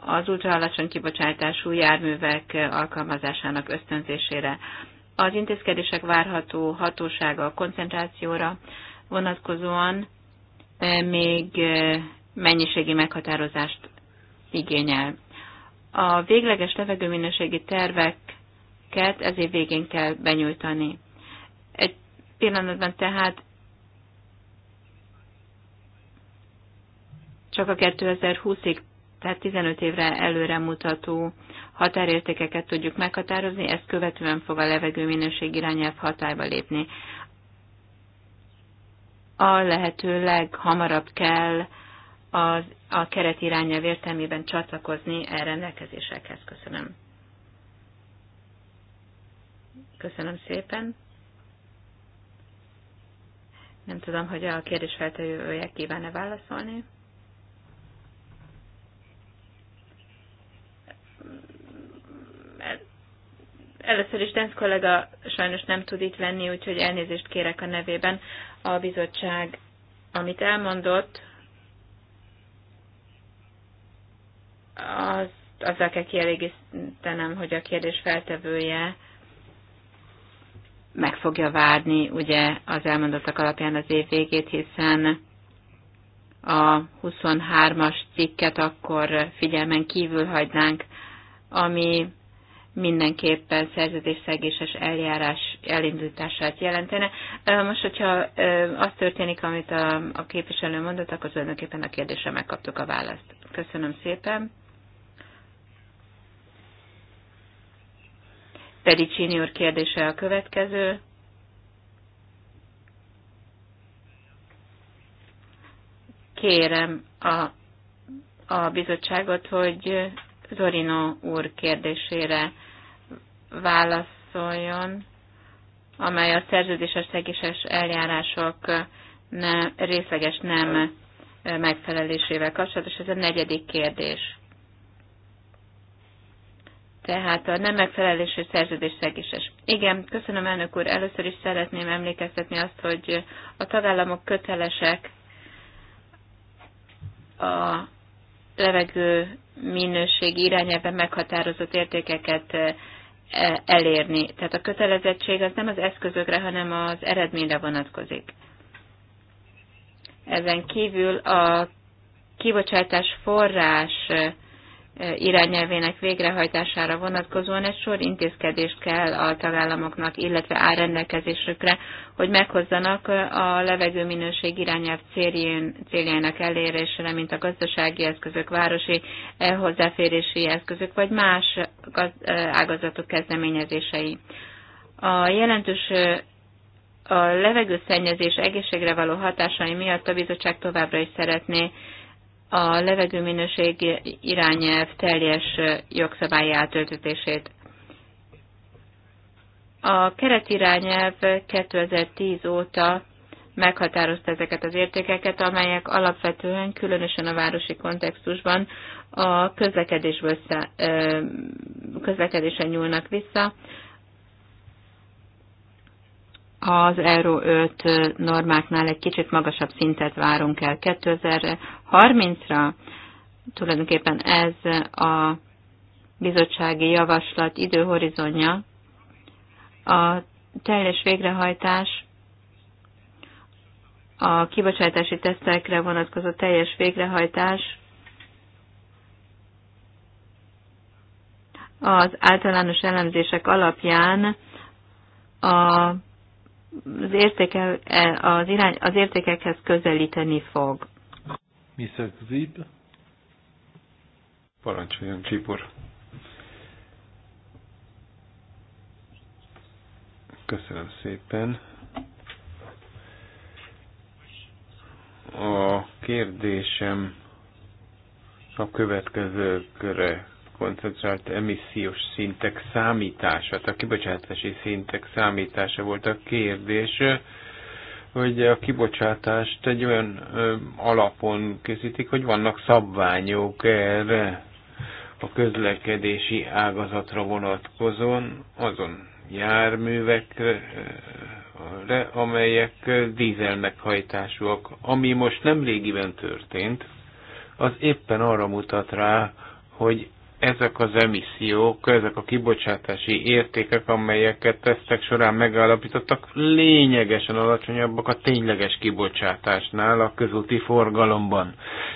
Speaker 3: az ultra kibocsátású járművek alkalmazásának ösztönzésére. Az intézkedések várható hatósága a koncentrációra vonatkozóan még eh, mennyiségi meghatározást igényel. A végleges levegőminőségi terveket ez év végén kell benyújtani. Egy pillanatban tehát csak a 2020-ig tehát 15 évre előre mutató határértékeket tudjuk meghatározni, ezt követően fog a levegőminőség irányelv hatályba lépni. A lehető leghamarabb kell az, a keret irányelv értelmében csatlakozni el rendelkezésekhez. Köszönöm. Köszönöm szépen. Nem tudom, hogy a kérdés feltevője kívánne válaszolni. Először is Denz kollega sajnos nem tud itt lenni, úgyhogy elnézést kérek a nevében. A bizottság, amit elmondott, az, azzal kell kielégítenem, hogy a kérdés feltevője meg fogja várni ugye az elmondottak alapján az év végét, hiszen a 23-as cikket akkor figyelmen kívül hagynánk, ami mindenképpen szerződésszegéses eljárás elindítását jelentene. Most, hogyha az történik, amit a, a képviselő mondott, akkor tulajdonképpen a kérdésre megkaptuk a választ. Köszönöm szépen. Pedicini úr kérdése a következő. Kérem a, a bizottságot, hogy Zorino úr kérdésére válaszoljon, amely a szerződéses szegéses eljárások nem, részleges nem megfelelésével kapcsolatos. Ez a negyedik kérdés. Tehát a nem megfelelés és szegéses. Igen, köszönöm elnök úr. Először is szeretném emlékeztetni azt, hogy a tagállamok kötelesek a levegő minőségi irányában meghatározott értékeket E, elérni. Tehát a kötelezettség az nem az eszközökre, hanem az eredményre vonatkozik. Ezen kívül a kibocsátás forrás irányelvének végrehajtására vonatkozóan egy sor intézkedést kell a tagállamoknak, illetve áll rendelkezésükre, hogy meghozzanak a levegőminőség irányelv céljának elérésére, mint a gazdasági eszközök, városi eh, hozzáférési eszközök, vagy más eh, ágazatok kezdeményezései. A jelentős eh, a levegőszennyezés egészségre való hatásai miatt a bizottság továbbra is szeretné a levegőminőség irányelv teljes jogszabályi átöltetését. A keretirányelv 2010 óta meghatározta ezeket az értékeket, amelyek alapvetően, különösen a városi kontextusban a közlekedésből, közlekedésen nyúlnak vissza, az Euró 5 normáknál egy kicsit magasabb szintet várunk el 2030-ra. Tulajdonképpen ez a bizottsági javaslat időhorizonja. A teljes végrehajtás a kibocsátási tesztekre vonatkozó teljes végrehajtás az általános elemzések alapján a értéke, e, az, irány, az értékekhez közelíteni fog.
Speaker 1: Mr. Zib? Parancsoljon, Csipor. Köszönöm szépen. A kérdésem a következőkre koncentrált emissziós szintek számítása, a kibocsátási szintek számítása volt a kérdés, hogy a kibocsátást egy olyan alapon készítik, hogy vannak szabványok erre a közlekedési ágazatra vonatkozóan, azon járművekre, amelyek dízel meghajtásúak. Ami most nem régiben történt, az éppen arra mutat rá, hogy ezek az emissziók, ezek a kibocsátási értékek, amelyeket tesztek során megállapítottak, lényegesen alacsonyabbak a tényleges kibocsátásnál a közúti forgalomban.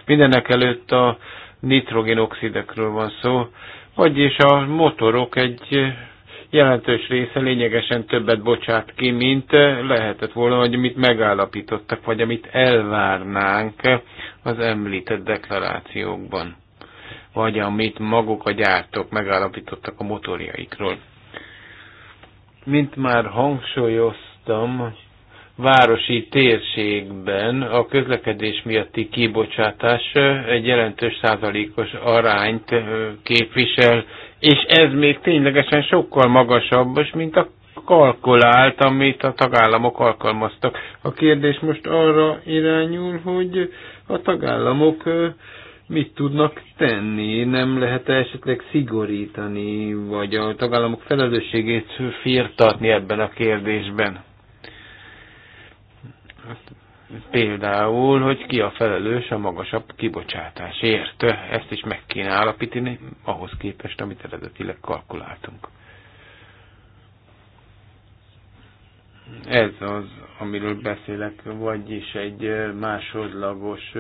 Speaker 1: Mindenek előtt a nitrogénoxidekről van szó, vagyis a motorok egy jelentős része lényegesen többet bocsát ki, mint lehetett volna, vagy amit megállapítottak, vagy amit elvárnánk az említett deklarációkban vagy amit maguk a gyártók megállapítottak a motorjaikról. Mint már hangsúlyoztam, városi térségben a közlekedés miatti kibocsátás egy jelentős százalékos arányt képvisel, és ez még ténylegesen sokkal magasabb, mint a kalkulált, amit a tagállamok alkalmaztak. A kérdés most arra irányul, hogy a tagállamok mit tudnak tenni? Nem lehet -e esetleg szigorítani, vagy a tagállamok felelősségét firtatni ebben a kérdésben? Például, hogy ki a felelős a magasabb kibocsátásért. Ezt is meg kéne állapítani ahhoz képest, amit eredetileg kalkuláltunk. Ez az, amiről beszélek, vagyis egy másodlagos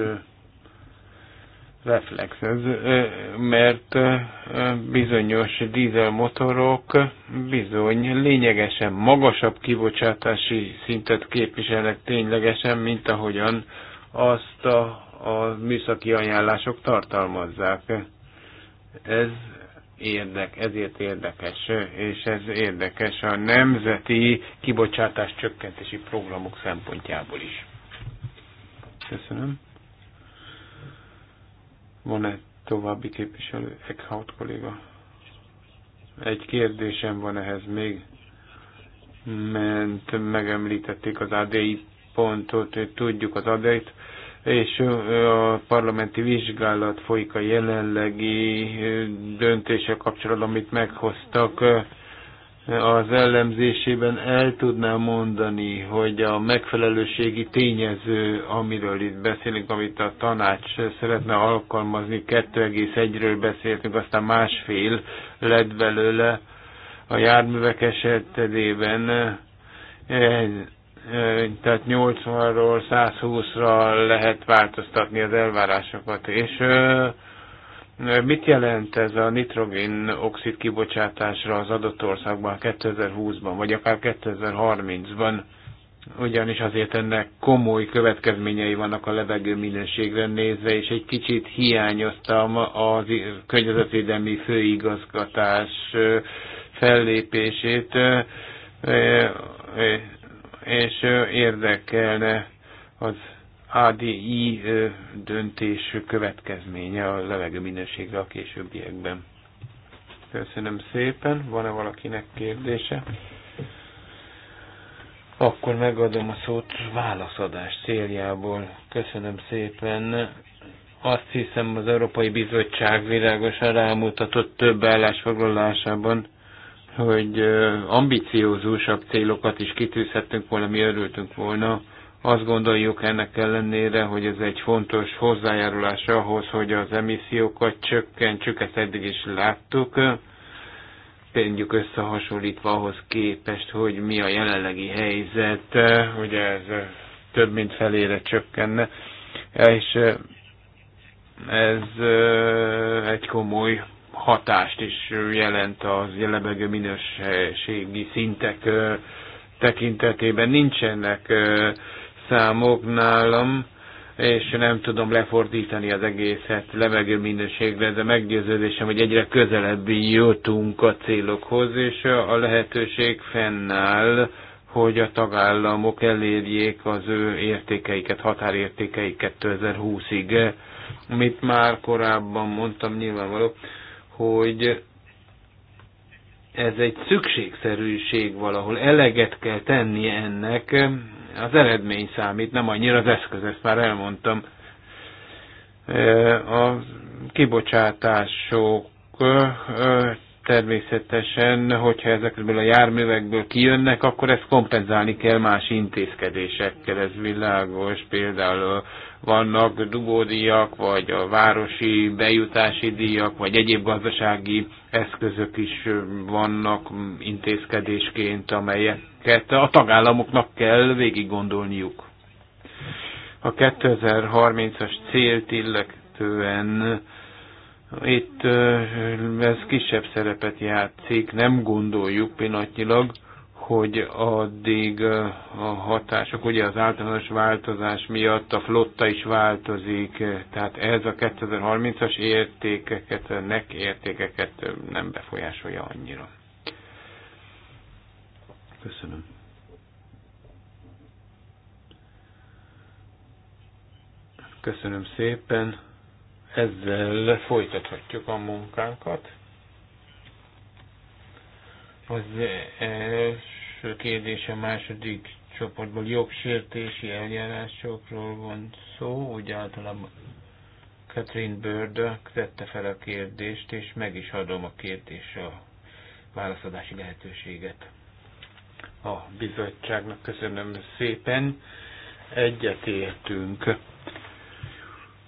Speaker 1: reflex ez, mert bizonyos dízelmotorok bizony lényegesen magasabb kibocsátási szintet képviselnek ténylegesen, mint ahogyan azt a, a műszaki ajánlások tartalmazzák. Ez érdek, ezért érdekes, és ez érdekes a nemzeti kibocsátás csökkentési programok szempontjából is. Köszönöm. Van egy további képviselő, Eckhout kolléga. Egy kérdésem van ehhez még, mert megemlítették az ADI pontot, tudjuk az adait, és a parlamenti vizsgálat folyik a jelenlegi döntése kapcsolatban, amit meghoztak az ellenzésében el tudná mondani, hogy a megfelelőségi tényező, amiről itt beszélünk, amit a tanács szeretne alkalmazni, 2,1-ről beszéltünk, aztán másfél lett belőle a járművek esetében, tehát 80-ról 120-ra lehet változtatni az elvárásokat, és Mit jelent ez a nitrogén oxid kibocsátásra az adott országban 2020-ban, vagy akár 2030-ban? Ugyanis azért ennek komoly következményei vannak a levegő minőségre nézve, és egy kicsit hiányoztam a környezetvédelmi főigazgatás fellépését, és érdekelne az ADI döntés következménye a levegő minőségre a későbbiekben. Köszönöm szépen. Van-e valakinek kérdése? Akkor megadom a szót válaszadás céljából. Köszönöm szépen. Azt hiszem az Európai Bizottság világosan rámutatott több állásfoglalásában, hogy ambiciózusabb célokat is kitűzhettünk volna, mi örültünk volna azt gondoljuk ennek ellenére, hogy ez egy fontos hozzájárulás ahhoz, hogy az emissziókat csökkentsük, ezt eddig is láttuk, mondjuk összehasonlítva ahhoz képest, hogy mi a jelenlegi helyzet, hogy ez több mint felére csökkenne, és ez eh, egy komoly hatást is jelent az jelenlegi minőségi szintek eh, tekintetében. Nincsenek eh, számok nálam, és nem tudom lefordítani az egészet levegő minőségre, de meggyőződésem, hogy egyre közelebb jutunk a célokhoz, és a lehetőség fennáll, hogy a tagállamok elérjék az ő értékeiket, határértékeiket 2020-ig. Mit már korábban mondtam nyilvánvaló, hogy ez egy szükségszerűség valahol, eleget kell tenni ennek, az eredmény számít, nem annyira az eszköz, ezt már elmondtam. E, a kibocsátások e, e, természetesen, hogyha ezekből a járművekből kijönnek, akkor ezt kompenzálni kell más intézkedésekkel, ez világos, például vannak dugódíjak, vagy a városi bejutási díjak, vagy egyéb gazdasági eszközök is vannak intézkedésként, amelyeket a tagállamoknak kell végig gondolniuk. A 2030-as célt illetően itt ez kisebb szerepet játszik, nem gondoljuk pillanatnyilag, hogy addig a hatások, ugye az általános változás miatt a flotta is változik, tehát ez a 2030-as értékeket, a nek értékeket nem befolyásolja annyira. Köszönöm. Köszönöm szépen. Ezzel folytathatjuk a munkánkat. Az első kérdés a második csoportból jogsértési eljárásokról van szó, úgy általában Catherine Bird tette fel a kérdést, és meg is adom a kérdés a válaszadási lehetőséget a bizottságnak. Köszönöm szépen. Egyetértünk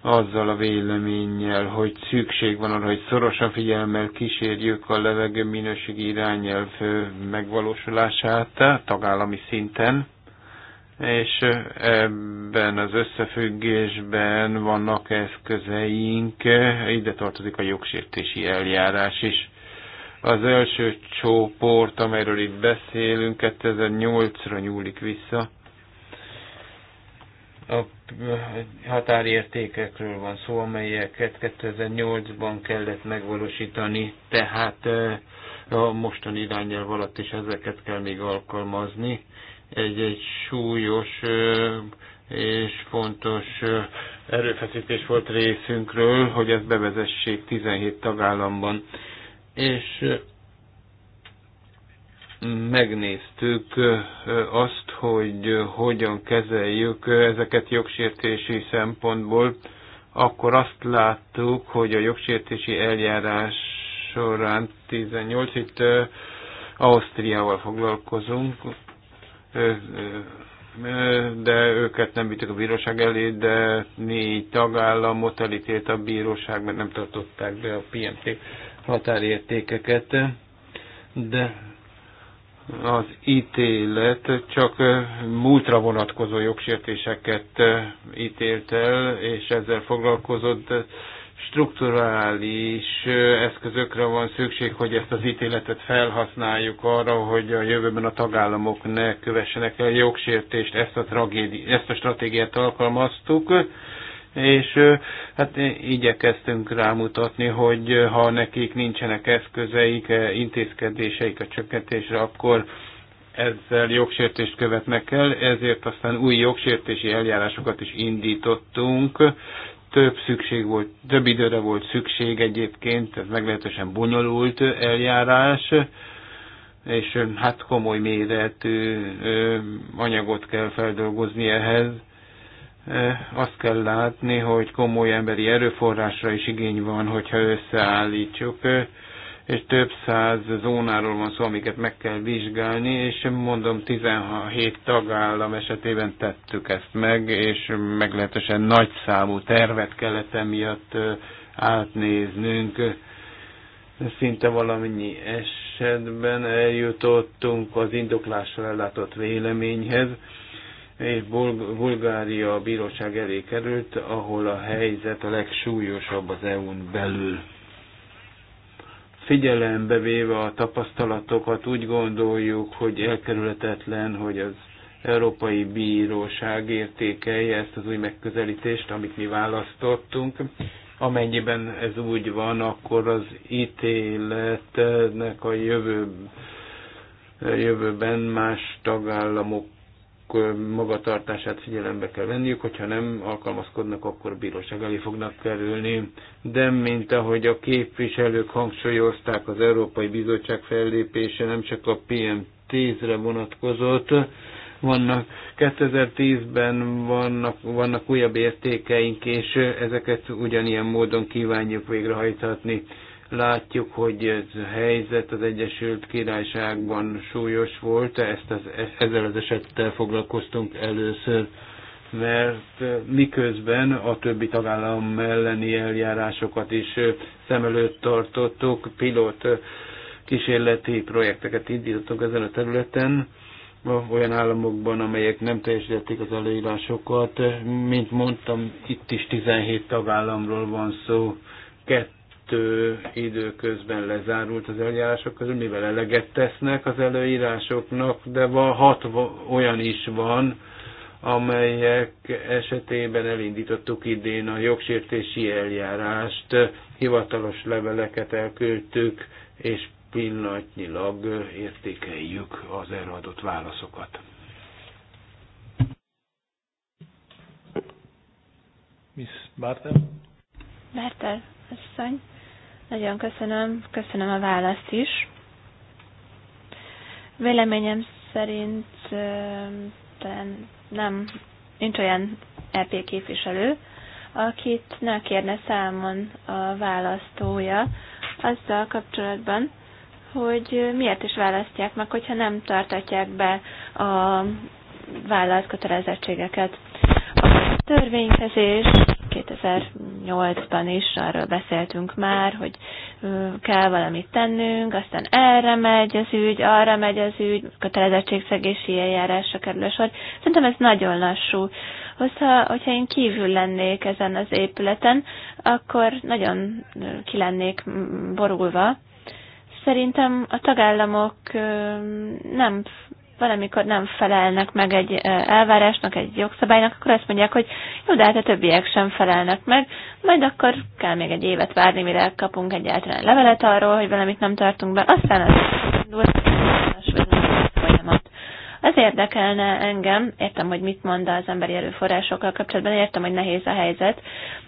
Speaker 1: azzal a véleménnyel, hogy szükség van arra, hogy szorosan figyelmel kísérjük a levegő minőségi irányelv megvalósulását tagállami szinten, és ebben az összefüggésben vannak eszközeink, ide tartozik a jogsértési eljárás is. Az első csoport, amelyről itt beszélünk, 2008-ra nyúlik vissza. A határértékekről van szó, amelyeket 2008-ban kellett megvalósítani, tehát eh, a mostani irányelv alatt is ezeket kell még alkalmazni. Egy, egy súlyos eh, és fontos eh, erőfeszítés volt részünkről, hogy ezt bevezessék 17 tagállamban. És megnéztük azt, hogy hogyan kezeljük ezeket jogsértési szempontból, akkor azt láttuk, hogy a jogsértési eljárás során 18, itt Ausztriával foglalkozunk, de őket nem vittük a bíróság elé, de négy tagállamot elítélt a bíróság, mert nem tartották be a PMT határértékeket. De az ítélet csak múltra vonatkozó jogsértéseket ítélt el, és ezzel foglalkozott strukturális eszközökre van szükség, hogy ezt az ítéletet felhasználjuk arra, hogy a jövőben a tagállamok ne kövessenek el jogsértést, ezt a, tragédi, ezt a stratégiát alkalmaztuk és hát igyekeztünk rámutatni, hogy ha nekik nincsenek eszközeik, e, intézkedéseik a csökkentésre, akkor ezzel jogsértést követnek el, ezért aztán új jogsértési eljárásokat is indítottunk. Több szükség volt, több időre volt szükség egyébként, ez meglehetősen bonyolult eljárás, és hát komoly méretű anyagot kell feldolgozni ehhez azt kell látni, hogy komoly emberi erőforrásra is igény van, hogyha összeállítjuk, és több száz zónáról van szó, amiket meg kell vizsgálni, és mondom, 17 tagállam esetében tettük ezt meg, és meglehetősen nagy számú tervet kellett emiatt átnéznünk. Szinte valamennyi esetben eljutottunk az indoklással ellátott véleményhez, és Bul- Bulgária a bíróság elé került, ahol a helyzet a legsúlyosabb az EU-n belül. Figyelembe véve a tapasztalatokat úgy gondoljuk, hogy elkerülhetetlen, hogy az Európai Bíróság értékelje ezt az új megközelítést, amit mi választottunk. Amennyiben ez úgy van, akkor az ítéletnek a jövő, jövőben más tagállamok magatartását figyelembe kell venniük, hogyha nem alkalmazkodnak, akkor bíróság elé fognak kerülni. De mint ahogy a képviselők hangsúlyozták, az Európai Bizottság fellépése nem csak a PM10-re vonatkozott, vannak 2010-ben vannak, vannak újabb értékeink, és ezeket ugyanilyen módon kívánjuk végrehajtatni. Látjuk, hogy ez a helyzet az Egyesült Királyságban súlyos volt, ezt az, ezzel az esettel foglalkoztunk először, mert miközben a többi tagállam elleni eljárásokat is szem előtt tartottuk, pilot kísérleti projekteket indítottunk ezen a területen, olyan államokban, amelyek nem teljesítették az előírásokat. Mint mondtam, itt is 17 tagállamról van szó, kettő időközben lezárult az eljárások közül, mivel eleget tesznek az előírásoknak, de van hat olyan is van, amelyek esetében elindítottuk idén a jogsértési eljárást, hivatalos leveleket elküldtük, és pillanatnyilag értékeljük az erre adott válaszokat.
Speaker 2: Miss Bartel? Bartel, asszony. Nagyon köszönöm, köszönöm a választ is. Véleményem szerint talán nem, nincs olyan EP képviselő, akit ne kérne számon a választója azzal kapcsolatban, hogy miért is választják meg, hogyha nem tartatják be a választ kötelezettségeket. A törvénykezés, 2008-ban is arról beszéltünk már, hogy kell valamit tennünk, aztán erre megy az ügy, arra megy az ügy, kötelezettségszegési eljárásra kerül sor. Szerintem ez nagyon lassú. Hozzá, hogyha én kívül lennék ezen az épületen, akkor nagyon ki lennék borulva. Szerintem a tagállamok nem valamikor nem felelnek meg egy elvárásnak, egy jogszabálynak, akkor azt mondják, hogy jó, de hát a többiek sem felelnek meg, majd akkor kell még egy évet várni, mire kapunk egyáltalán levelet arról, hogy valamit nem tartunk be, aztán az indul, vagy folyamat. Az érdekelne engem, értem, hogy mit mond az emberi erőforrásokkal kapcsolatban, értem, hogy nehéz a helyzet,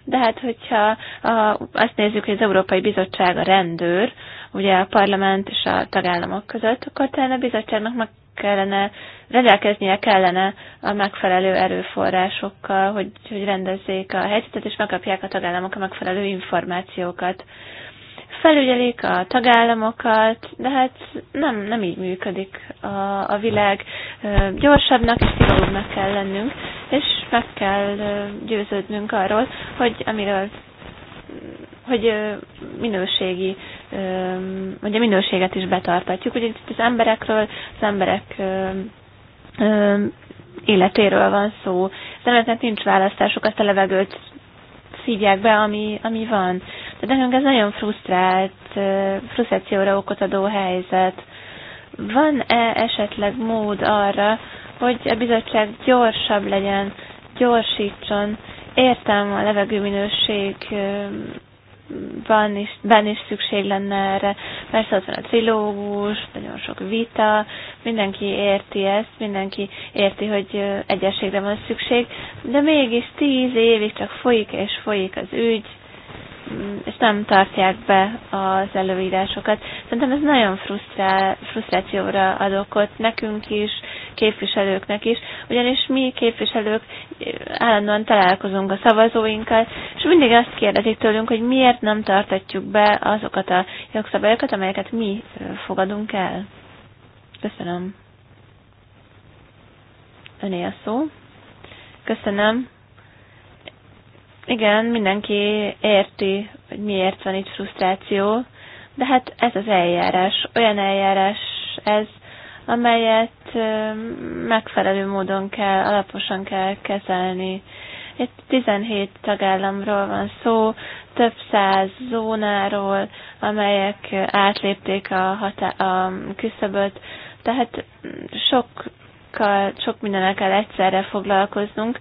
Speaker 2: de hát hogyha a, azt nézzük, hogy az Európai Bizottság a rendőr, ugye a parlament és a tagállamok között, akkor talán a bizottságnak meg kellene, rendelkeznie kellene a megfelelő erőforrásokkal, hogy, hogy rendezzék a helyzetet, és megkapják a tagállamok a megfelelő információkat felügyelik a tagállamokat, de hát nem, nem így működik a, a világ. Gyorsabbnak és szigorúbbnak kell lennünk, és meg kell győződnünk arról, hogy amiről hogy minőségi, hogy a minőséget is betartatjuk. Ugye itt az emberekről, az emberek életéről van szó. Az embereknek nincs választásuk, azt a levegőt szívják be, ami, ami van de nekünk ez nagyon frusztrált, frusztrációra okot adó helyzet. Van-e esetleg mód arra, hogy a bizottság gyorsabb legyen, gyorsítson? Értem, a levegőminőség van is, ben is szükség lenne erre. Persze ott van a trilógus, nagyon sok vita, mindenki érti ezt, mindenki érti, hogy egyességre van szükség, de mégis tíz évig csak folyik és folyik az ügy, és nem tartják be az előírásokat. Szerintem ez nagyon frusztrál, frusztrációra ad okot nekünk is, képviselőknek is, ugyanis mi képviselők állandóan találkozunk a szavazóinkkal, és mindig azt kérdezik tőlünk, hogy miért nem tartatjuk be azokat a jogszabályokat, amelyeket mi fogadunk el. Köszönöm. Öné a szó. Köszönöm igen, mindenki érti, hogy miért van itt frusztráció, de hát ez az eljárás, olyan eljárás ez, amelyet megfelelő módon kell, alaposan kell kezelni. Itt 17 tagállamról van szó, több száz zónáról, amelyek átlépték a, hatá- a küszöböt, tehát sokkal, sok mindennel kell egyszerre foglalkoznunk,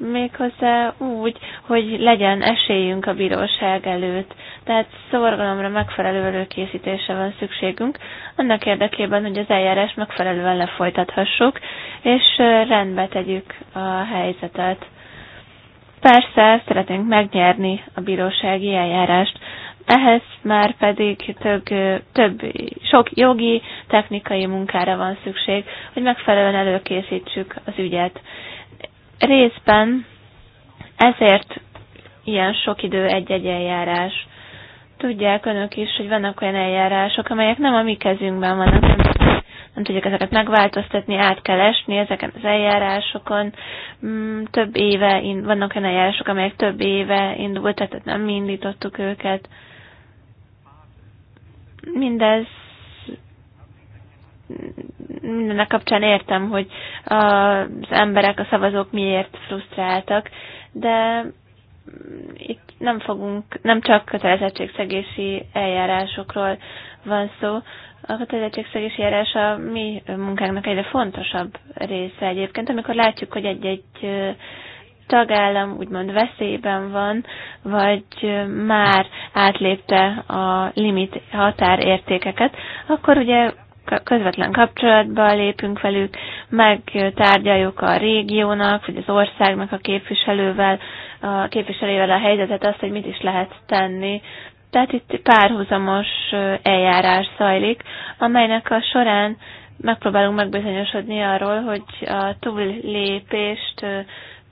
Speaker 2: méghozzá úgy, hogy legyen esélyünk a bíróság előtt. Tehát szorgalomra megfelelő előkészítésre van szükségünk, annak érdekében, hogy az eljárás megfelelően lefolytathassuk, és rendbe tegyük a helyzetet. Persze szeretnénk megnyerni a bírósági eljárást, ehhez már pedig több, több, sok jogi, technikai munkára van szükség, hogy megfelelően előkészítsük az ügyet. Részben ezért ilyen sok idő egy-egy eljárás. Tudják önök is, hogy vannak olyan eljárások, amelyek nem a mi kezünkben vannak, nem, nem tudjuk ezeket megváltoztatni, át kell esni ezeken az eljárásokon. Mm, több éve, vannak olyan eljárások, amelyek több éve indultak, tehát nem mi indítottuk őket. Mindez mindennek kapcsán értem, hogy az emberek, a szavazók miért frusztráltak, de itt nem fogunk, nem csak kötelezettségszegési eljárásokról van szó. A kötelezettségszegési eljárás a mi munkánknak egyre fontosabb része egyébként, amikor látjuk, hogy egy-egy tagállam úgymond veszélyben van, vagy már átlépte a limit határértékeket, akkor ugye közvetlen kapcsolatba lépünk velük, megtárgyaljuk a régiónak, vagy az országnak a képviselővel, a képviselővel a helyzetet, azt, hogy mit is lehet tenni. Tehát itt párhuzamos eljárás zajlik, amelynek a során megpróbálunk megbizonyosodni arról, hogy a túllépést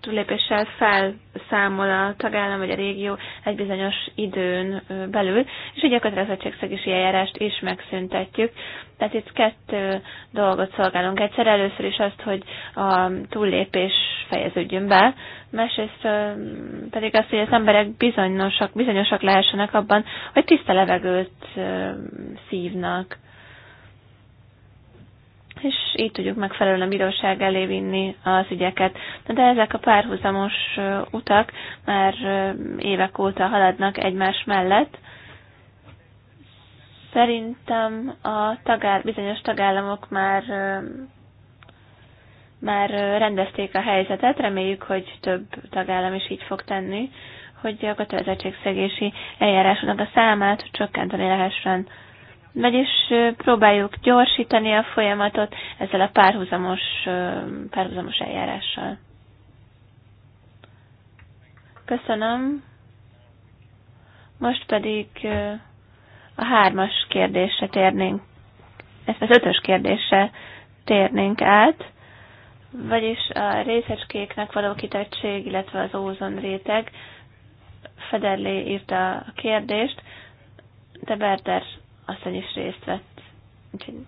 Speaker 2: túlépéssel felszámol a tagállam vagy a régió egy bizonyos időn belül, és így a kötelezettségszegési eljárást is megszüntetjük. Tehát itt kettő dolgot szolgálunk. Egyszer először is azt, hogy a túllépés fejeződjön be, másrészt pedig azt, hogy az emberek bizonyosak, bizonyosak lehessenek abban, hogy tiszta levegőt szívnak és így tudjuk megfelelően a bíróság elé vinni az ügyeket. De ezek a párhuzamos utak már évek óta haladnak egymás mellett. Szerintem a tagáll- bizonyos tagállamok már már rendezték a helyzetet, reméljük, hogy több tagállam is így fog tenni, hogy a kötelezettségszegési eljárásoknak a számát csökkenteni lehessen vagyis próbáljuk gyorsítani a folyamatot ezzel a párhuzamos, párhuzamos eljárással. Köszönöm. Most pedig a hármas kérdésre térnénk, ezt az ötös kérdésre térnénk át, vagyis a részecskéknek való kitettség, illetve az ózon réteg. Federlé írta a kérdést, de Berter aztán is részt vett. Úgyhogy...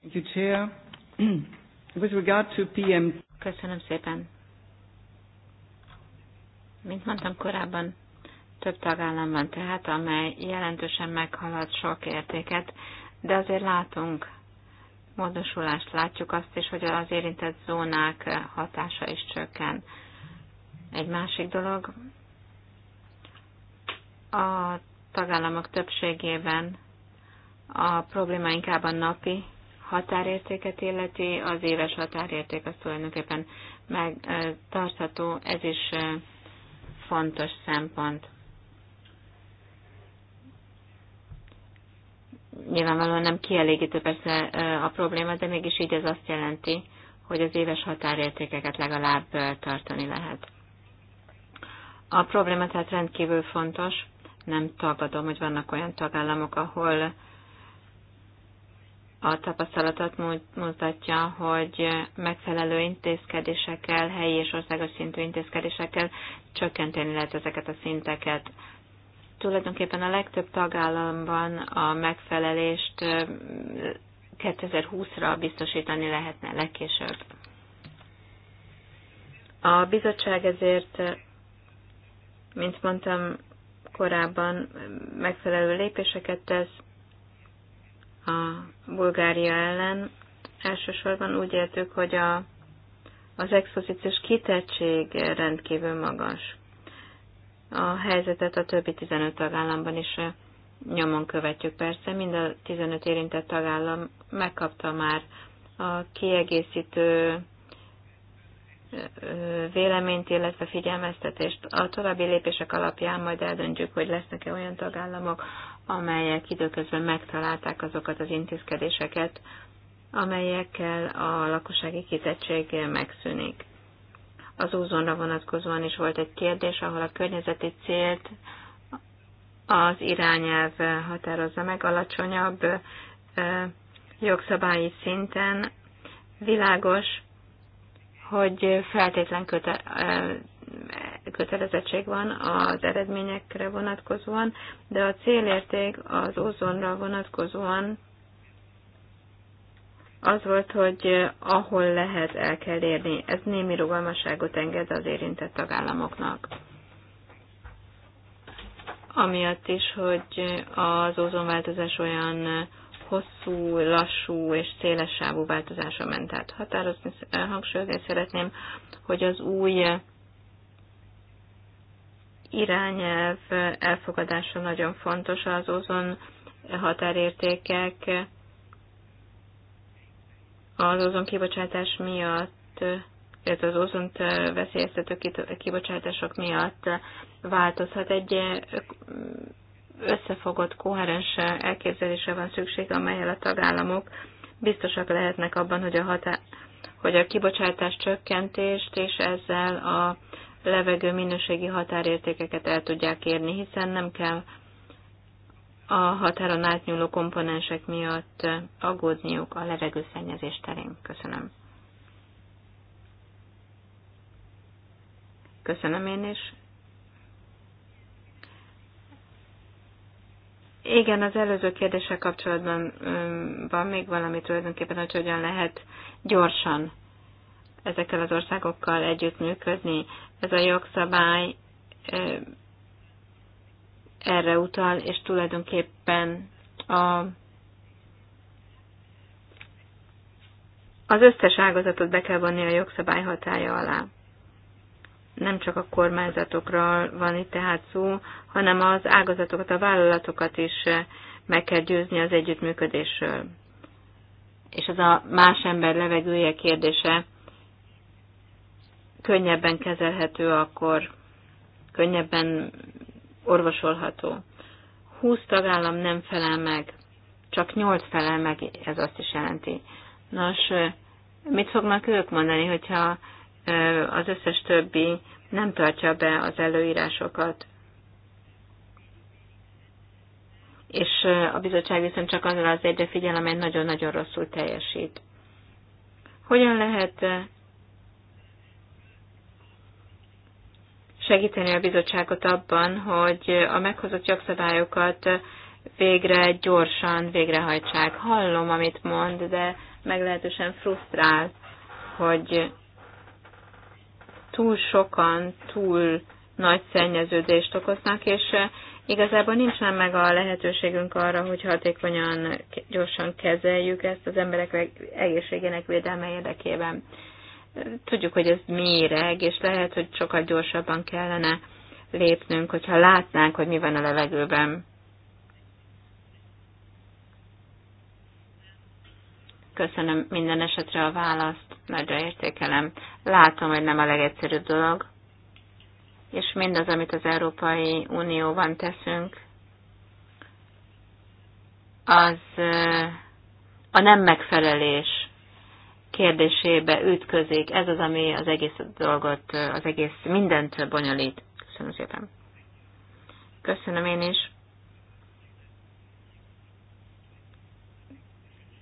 Speaker 3: Thank you, Chair. With regard to PM... Köszönöm szépen. Mint mondtam korábban, több tagállam van tehát, amely jelentősen meghalad sok értéket, de azért látunk módosulást, látjuk azt is, hogy az érintett zónák hatása is csökken. Egy másik dolog, a tagállamok többségében a probléma inkább a napi határértéket illeti, az éves határérték az tulajdonképpen megtartható, ez is fontos szempont. Nyilvánvalóan nem kielégítő persze a probléma, de mégis így ez azt jelenti, hogy az éves határértékeket legalább tartani lehet. A probléma tehát rendkívül fontos, nem tagadom, hogy vannak olyan tagállamok, ahol a tapasztalatot mutatja, hogy megfelelő intézkedésekkel, helyi és országos szintű intézkedésekkel csökkenteni lehet ezeket a szinteket. Tulajdonképpen a legtöbb tagállamban a megfelelést 2020-ra biztosítani lehetne legkésőbb. A bizottság ezért, mint mondtam, korábban megfelelő lépéseket tesz a Bulgária ellen. Elsősorban úgy értük, hogy a, az expozíciós kitettség rendkívül magas. A helyzetet a többi 15 tagállamban is nyomon követjük persze. Mind a 15 érintett tagállam megkapta már a kiegészítő véleményt, illetve figyelmeztetést. A további lépések alapján majd eldöntjük, hogy lesznek-e olyan tagállamok, amelyek időközben megtalálták azokat az intézkedéseket, amelyekkel a lakossági kitettség megszűnik. Az úzonra vonatkozóan is volt egy kérdés, ahol a környezeti célt az irányelv határozza meg alacsonyabb jogszabályi szinten. Világos, hogy feltétlen köte, eh, kötelezettség van az eredményekre vonatkozóan, de a célérték az ozonra vonatkozóan az volt, hogy ahol lehet, el kell érni. Ez némi rugalmasságot enged az érintett tagállamoknak. Amiatt is, hogy az ozonváltozás olyan hosszú, lassú és széles sávú változása ment át. Határozni, eh, hangsúlyozni szeretném, hogy az új irányelv elfogadása nagyon fontos az ozon határértékek az ozon kibocsátás miatt, illetve az ozont veszélyeztető kibocsátások miatt változhat. Egy összefogott, koherens elképzelése van szükség, amelyel a tagállamok biztosak lehetnek abban, hogy a, hatá- hogy a kibocsátás csökkentést és ezzel a levegő minőségi határértékeket el tudják érni, hiszen nem kell a határon átnyúló komponensek miatt aggódniuk a levegőszennyezés terén. Köszönöm. Köszönöm én is. Igen, az előző kérdéssel kapcsolatban van még valami tulajdonképpen, hogy hogyan lehet gyorsan ezekkel az országokkal együttműködni. Ez a jogszabály erre utal, és tulajdonképpen a, az összes ágazatot be kell vonni a jogszabály hatája alá nem csak a kormányzatokra van itt tehát szó, hanem az ágazatokat, a vállalatokat is eh, meg kell győzni az együttműködésről. És ez a más ember levegője kérdése könnyebben kezelhető akkor, könnyebben orvosolható. 20 tagállam nem felel meg, csak 8 felel meg, ez azt is jelenti. Nos, eh, mit fognak ők mondani, hogyha az összes többi nem tartja be az előírásokat. És a bizottság viszont csak azzal az egyre figyel, amely nagyon-nagyon rosszul teljesít. Hogyan lehet segíteni a bizottságot abban, hogy a meghozott jogszabályokat végre gyorsan végrehajtsák. Hallom, amit mond, de meglehetősen frusztrál, hogy túl sokan, túl nagy szennyeződést okoznak, és eh, igazából nincsen meg a lehetőségünk arra, hogy hatékonyan, gyorsan kezeljük ezt az emberek egészségének védelme érdekében. Tudjuk, hogy ez méreg, és lehet, hogy sokkal gyorsabban kellene lépnünk, hogyha látnánk, hogy mi van a levegőben. Köszönöm minden esetre a választ nagyra értékelem. Látom, hogy nem a legegyszerűbb dolog, és mindaz, amit az Európai Unióban teszünk, az a nem megfelelés kérdésébe ütközik. Ez az, ami az egész dolgot, az egész mindent bonyolít. Köszönöm szépen. Köszönöm én is.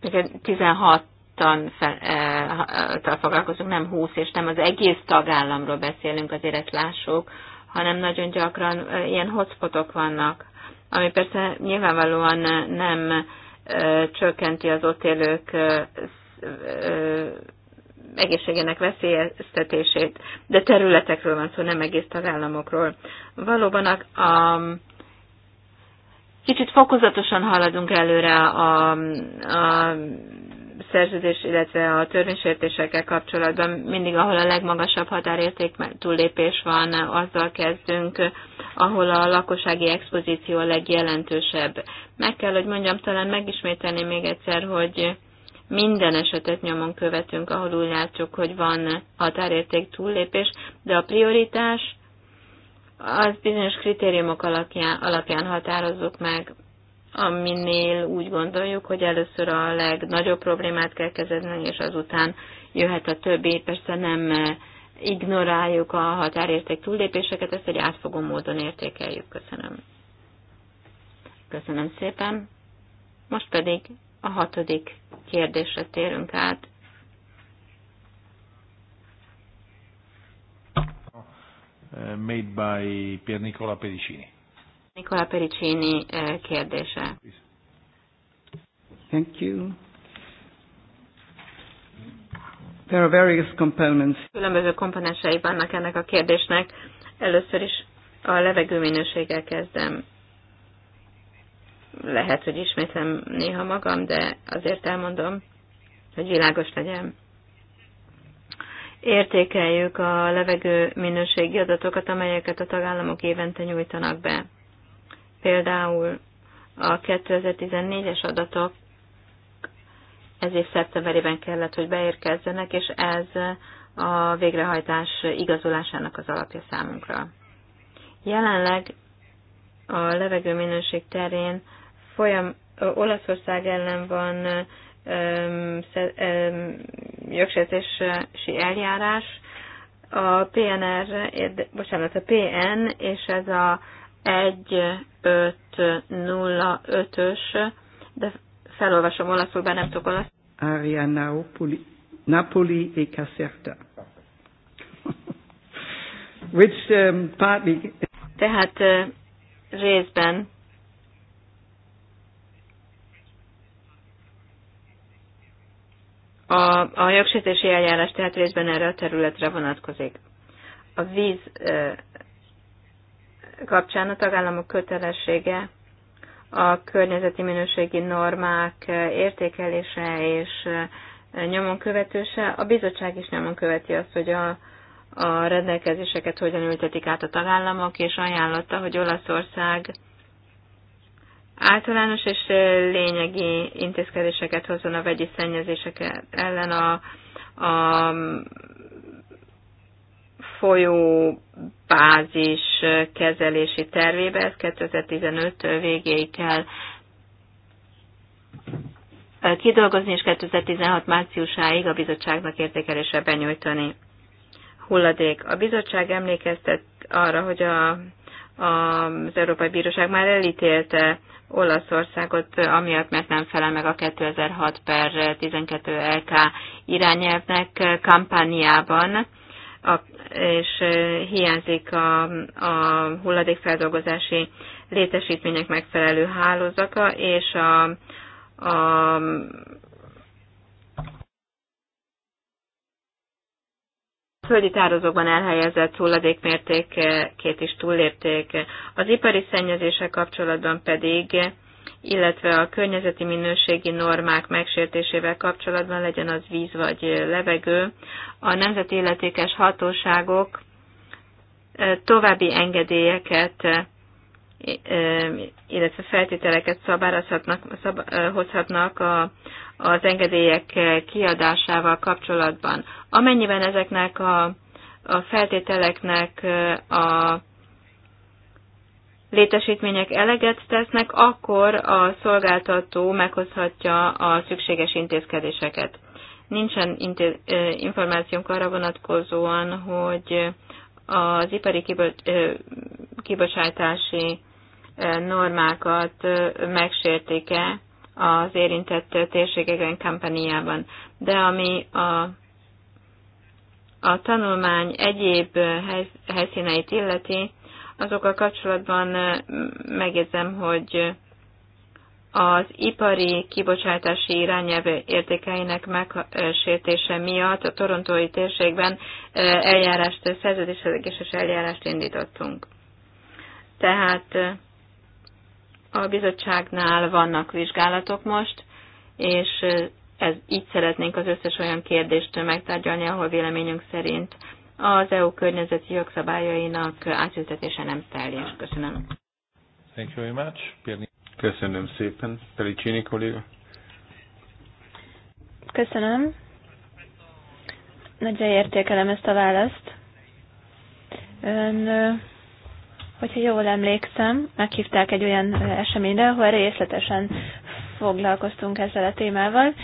Speaker 3: Nekem 16 nyugodtan fel, e, foglalkozunk, nem 20, és nem az egész tagállamról beszélünk, azért ezt lássuk, hanem nagyon gyakran eh, ilyen hotspotok vannak, ami persze nyilvánvalóan nem e, csökkenti az ott élők e, egészségének veszélyeztetését, de területekről van szó, nem egész tagállamokról. Valóban a, a kicsit fokozatosan haladunk előre a, a szerződés, illetve a törvénysértésekkel kapcsolatban mindig, ahol a legmagasabb határérték túllépés van, azzal kezdünk, ahol a lakossági expozíció a legjelentősebb. Meg kell, hogy mondjam, talán megismételni még egyszer, hogy minden esetet nyomon követünk, ahol úgy látjuk, hogy van határérték túllépés, de a prioritás az bizonyos kritériumok alapján, alapján határozzuk meg aminél úgy gondoljuk, hogy először a legnagyobb problémát kell kezelni, és azután jöhet a többi. Persze nem eh, ignoráljuk a határérték túllépéseket, ezt egy átfogó módon értékeljük. Köszönöm. Köszönöm szépen. Most pedig a hatodik kérdésre térünk át.
Speaker 1: Eh, made by Pier Nicola Pedicini.
Speaker 3: Nicola Pericini eh, kérdése. Thank you. There are various components. Különböző komponensei vannak ennek a kérdésnek. Először is a levegőminőséggel kezdem. Lehet, hogy ismétlem néha magam, de azért elmondom, hogy világos legyen. Értékeljük a levegő minőségi adatokat, amelyeket a tagállamok évente nyújtanak be. Például a 2014-es adatok ez év szeptemberében kellett, hogy beérkezzenek, és ez a végrehajtás igazolásának az alapja számunkra. Jelenleg a levegőminőség terén folyam, Olaszország ellen van jogsértési eljárás, a PNR, bocsánat, a PN és ez a 1505-ös, de felolvasom olaszul, bár nem tudok olaszul. Aria Napoli, Napoli e Caserta. Which um, partly... Tehát uh, részben A, a jogsértési eljárás tehát részben erre a területre vonatkozik. A víz kapcsán a tagállamok kötelessége a környezeti minőségi normák értékelése és eh, nyomon követése. A bizottság is nyomon követi azt, hogy a, a rendelkezéseket hogyan ültetik át a tagállamok, és ajánlotta, hogy Olaszország általános és eh, lényegi intézkedéseket hozzon a vegyi szennyezések ellen a, a folyó bázis kezelési tervébe, ez 2015 végéig kell kidolgozni, és 2016 márciusáig a bizottságnak értékelésre benyújtani. Hulladék. A bizottság emlékeztet arra, hogy a, a, az Európai Bíróság már elítélte Olaszországot, amiatt, mert nem felel meg a 2006 per 12 LK irányelvnek kampániában a, és hiányzik a, a hulladékfeldolgozási létesítmények megfelelő hálózata, és a, a földi tározókban elhelyezett hulladékmértékét is túllépték. Az ipari szennyezése kapcsolatban pedig illetve a környezeti minőségi normák megsértésével kapcsolatban legyen az víz vagy levegő, a nemzeti illetékes hatóságok további engedélyeket, illetve feltételeket szabályozhatnak, szab, hozhatnak a, az engedélyek kiadásával kapcsolatban. Amennyiben ezeknek a, a feltételeknek a létesítmények eleget tesznek, akkor a szolgáltató meghozhatja a szükséges intézkedéseket. Nincsen intéz, információnk arra vonatkozóan, hogy az ipari kibocsátási normákat megsértik-e az érintett térségeken kampaniában. De ami a, a tanulmány egyéb helyszíneit illeti, azokkal kapcsolatban megjegyzem, hogy az ipari kibocsátási irányelv értékeinek megsértése miatt a torontói térségben eljárást, szerződéses eljárást indítottunk. Tehát a bizottságnál vannak vizsgálatok most, és ez, így szeretnénk az összes olyan kérdést megtárgyalni, ahol véleményünk szerint az EU környezeti jogszabályainak átültetése nem teljes. Köszönöm.
Speaker 1: Thank you very much. Köszönöm szépen. Pelicini kolléga.
Speaker 2: Köszönöm. Nagyon értékelem ezt a választ. Ön, hogyha jól emlékszem, meghívták egy olyan eseményre, ahol részletesen foglalkoztunk ezzel a témával,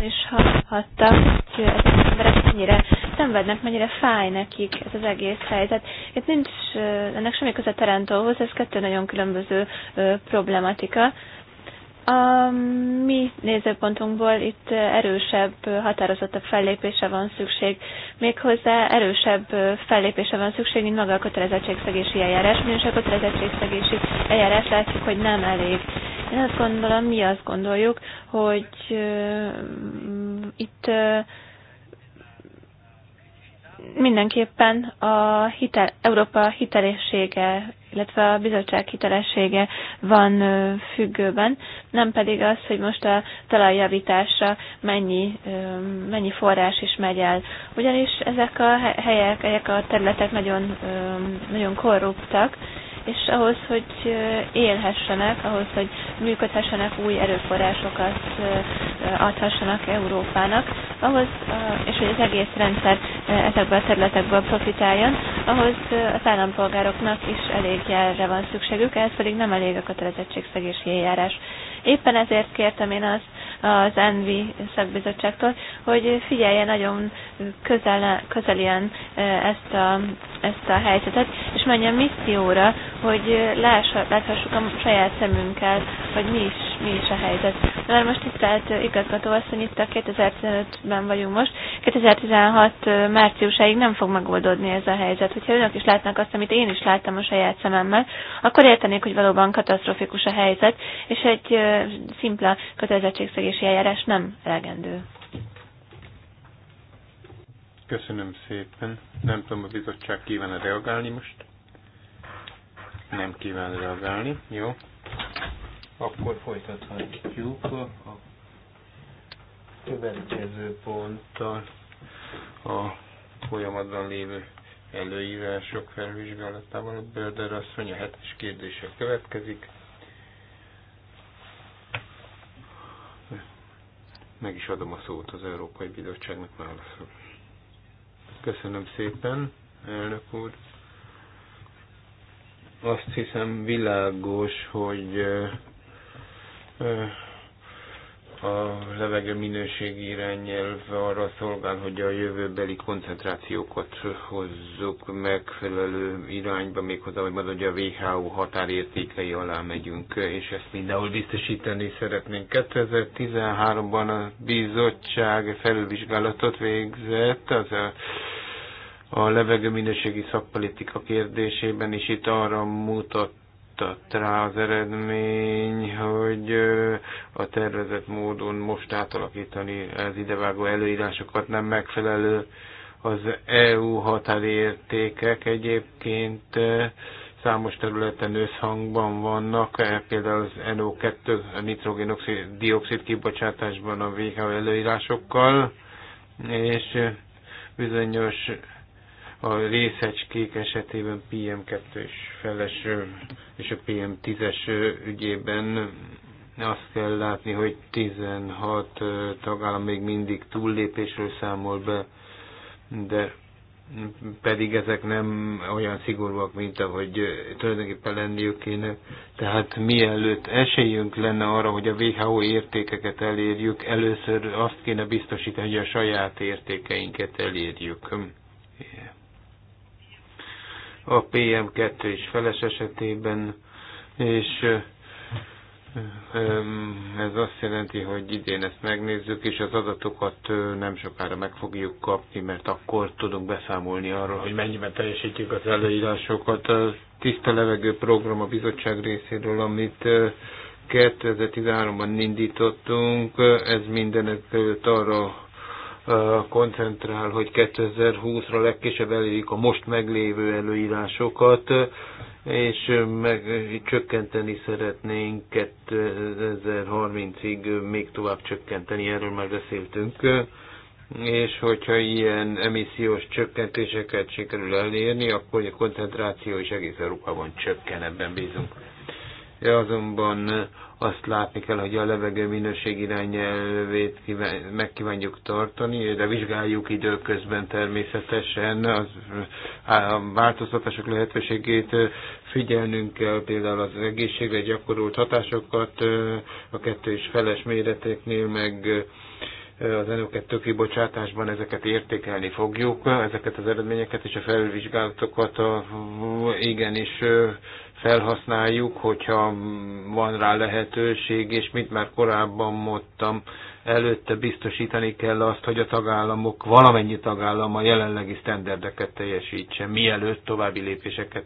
Speaker 2: és hallhattam, hogy az emberek mennyire szenvednek, mennyire fáj nekik ez az egész helyzet. Itt nincs ennek semmi köze Terentóhoz, ez kettő nagyon különböző problematika. A mi nézőpontunkból itt erősebb, határozottabb fellépése van szükség. Méghozzá erősebb fellépése van szükség, mint maga a kötelezettségszegési eljárás, ugyanis a kötelezettségszegési eljárás látjuk, hogy nem elég. Én azt gondolom, mi azt gondoljuk, hogy uh, itt uh, mindenképpen a hitel, Európa hitelessége, illetve a bizottság hitelessége van függőben, nem pedig az, hogy most a talajjavításra mennyi, mennyi forrás is megy el. Ugyanis ezek a helyek, ezek a területek nagyon, nagyon korruptak, és ahhoz, hogy élhessenek, ahhoz, hogy működhessenek új erőforrásokat adhassanak Európának, ahhoz, és hogy az egész rendszer ezekből a területekből profitáljon, ahhoz az állampolgároknak is elég jelre van szükségük, ehhez pedig nem elég a kötelezettségszegési eljárás. Éppen ezért kértem én azt az ENVI szakbizottságtól, hogy figyelje nagyon közel, közelien ezt a ezt a helyzetet, és menjen misszióra, hogy láthassuk a saját szemünkkel, hogy mi is, mi is a helyzet. Mert most itt állt igazgató asszony, itt a 2015-ben vagyunk most, 2016 márciusáig nem fog megoldódni ez a helyzet. Hogyha önök is látnak azt, amit én is láttam a saját szememmel, akkor értenék, hogy valóban katasztrofikus a helyzet, és egy szimpla kötelezettségszegési eljárás nem elegendő.
Speaker 1: Köszönöm szépen. Nem tudom, a bizottság kíván reagálni most. Nem kíván reagálni. Jó. Akkor folytathatjuk a következő ponttal a folyamatban lévő előírások felvizsgálatával. A Börder asszony a hetes kérdése következik. Meg is adom a szót az Európai Bizottságnak válaszol. Köszönöm szépen, elnök úr. Azt hiszem világos, hogy a levegő minőségi irányelv arra szolgál, hogy a jövőbeli koncentrációkat hozzuk megfelelő irányba, méghozzá, hogy majd, a WHO határértékei alá megyünk, és ezt mindenhol biztosítani szeretnénk. 2013-ban a bizottság felülvizsgálatot végzett, az a a levegőminőségi szakpolitika kérdésében is itt arra mutatott rá az eredmény, hogy a tervezett módon most átalakítani az idevágó előírásokat nem megfelelő az EU határértékek egyébként számos területen összhangban vannak, e, például az NO2 nitrogénoxid kibocsátásban a WHO előírásokkal, és bizonyos a részecskék esetében PM2 és feles és a PM10-es ügyében azt kell látni, hogy 16 tagállam még mindig túllépésről számol be, de pedig ezek nem olyan szigorúak, mint ahogy tulajdonképpen lenniük kéne. Tehát mielőtt esélyünk lenne arra, hogy a WHO értékeket elérjük, először azt kéne biztosítani, hogy a saját értékeinket elérjük a PM2 és feles esetében, és ez azt jelenti, hogy idén ezt megnézzük, és az adatokat nem sokára meg fogjuk kapni, mert akkor tudunk beszámolni arról, hogy mennyiben teljesítjük az előírásokat. A tiszta levegő program a bizottság részéről, amit 2013-ban indítottunk, ez mindenek arra koncentrál, hogy 2020-ra legkésőbb elérjük a most meglévő előírásokat, és meg csökkenteni szeretnénk 2030-ig még tovább csökkenteni, erről már beszéltünk és hogyha ilyen emissziós csökkentéseket sikerül elérni, akkor a koncentráció is egész Európában csökken, ebben bízunk. Ja, azonban azt látni kell, hogy a levegő minőség irányelvét meg kívánjuk tartani, de vizsgáljuk időközben természetesen az, a változtatások lehetőségét figyelnünk kell, például az egészségre gyakorolt hatásokat a kettő és feles méreteknél, meg az NO2 kibocsátásban ezeket értékelni fogjuk, ezeket az eredményeket és a felvizsgálatokat a, igenis felhasználjuk, hogyha van rá lehetőség, és mint már korábban mondtam, előtte biztosítani kell azt, hogy a tagállamok, valamennyi tagállam a jelenlegi sztenderdeket teljesítse, mielőtt további lépéseket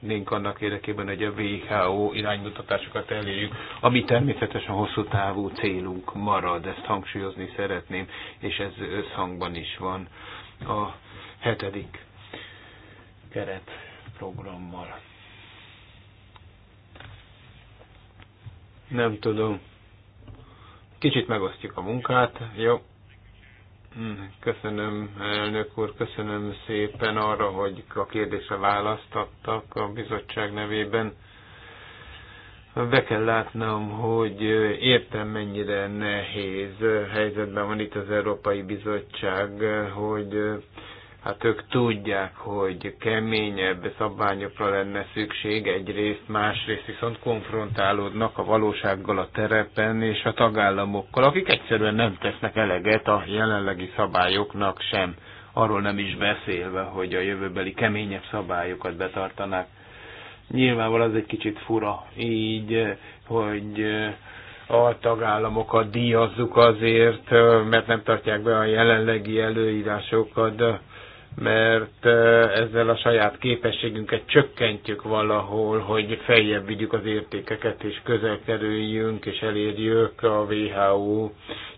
Speaker 1: tennénk annak érdekében, hogy a WHO iránymutatásokat elérjük, ami természetesen hosszú távú célunk marad, ezt hangsúlyozni szeretném, és ez összhangban is van a hetedik keretprogrammal. Nem tudom. Kicsit megosztjuk a munkát, jó? Mm, köszönöm, elnök úr, köszönöm szépen arra, hogy a kérdésre választattak a bizottság nevében. Be kell látnom, hogy értem mennyire nehéz helyzetben van itt az Európai Bizottság, hogy hát ők tudják, hogy keményebb szabványokra lenne szükség egyrészt, másrészt viszont konfrontálódnak a valósággal a terepen és a tagállamokkal, akik egyszerűen nem tesznek eleget a jelenlegi szabályoknak sem, arról nem is beszélve, hogy a jövőbeli keményebb szabályokat betartanák. Nyilvánvalóan az egy kicsit fura így, hogy a tagállamokat díjazzuk azért, mert nem tartják be a jelenlegi előírásokat mert eh, ezzel a saját képességünket csökkentjük valahol, hogy feljebb vigyük az értékeket, és közel kerüljünk, és elérjük a WHO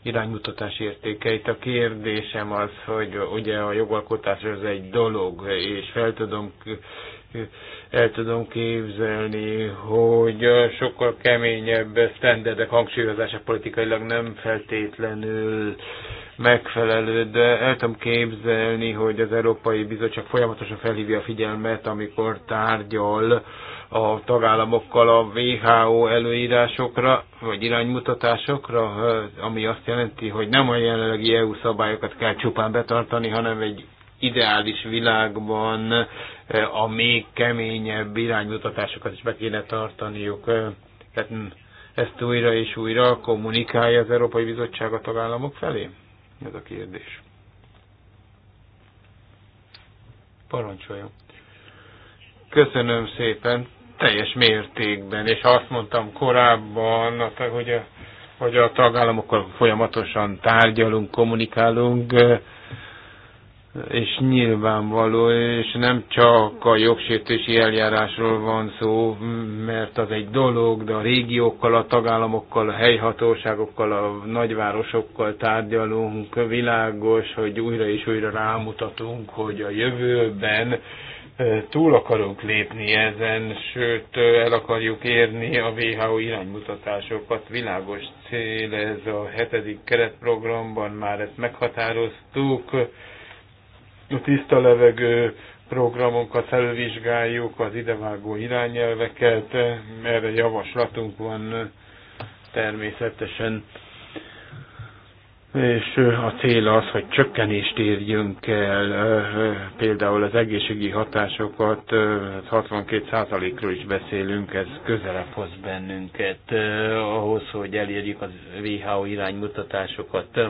Speaker 1: iránymutatás értékeit. A kérdésem az, hogy ugye a jogalkotás az egy dolog, és fel tudom el tudom képzelni, hogy sokkal keményebb sztenderdek hangsúlyozása politikailag nem feltétlenül megfelelő, de el tudom képzelni, hogy az Európai Bizottság folyamatosan felhívja a figyelmet, amikor tárgyal a tagállamokkal a WHO előírásokra, vagy iránymutatásokra, ami azt jelenti, hogy nem a jelenlegi EU szabályokat kell csupán betartani, hanem egy ideális világban a még keményebb iránymutatásokat is be kéne tartaniuk. Tehát hm, ezt újra és újra kommunikálja az Európai Bizottság a tagállamok felé? Ez a kérdés. Parancsoljon. Köszönöm szépen. Teljes mértékben, és azt mondtam korábban, hogy a, hogy a tagállamokkal folyamatosan tárgyalunk, kommunikálunk, és nyilvánvaló, és nem csak a jogsértési eljárásról van szó, mert az egy dolog, de a régiókkal, a tagállamokkal, a helyhatóságokkal, a nagyvárosokkal tárgyalunk, világos, hogy újra és újra rámutatunk, hogy a jövőben túl akarunk lépni ezen, sőt el akarjuk érni a WHO iránymutatásokat. Világos cél ez a hetedik keretprogramban, már ezt meghatároztuk, a tiszta levegő programokat felvizsgáljuk, az idevágó irányelveket, erre javaslatunk van természetesen. És a cél az, hogy csökkenést érjünk el, például az egészségi hatásokat 62%-ról is beszélünk, ez közelebb hoz bennünket eh, ahhoz, hogy elérjük az WHO iránymutatásokat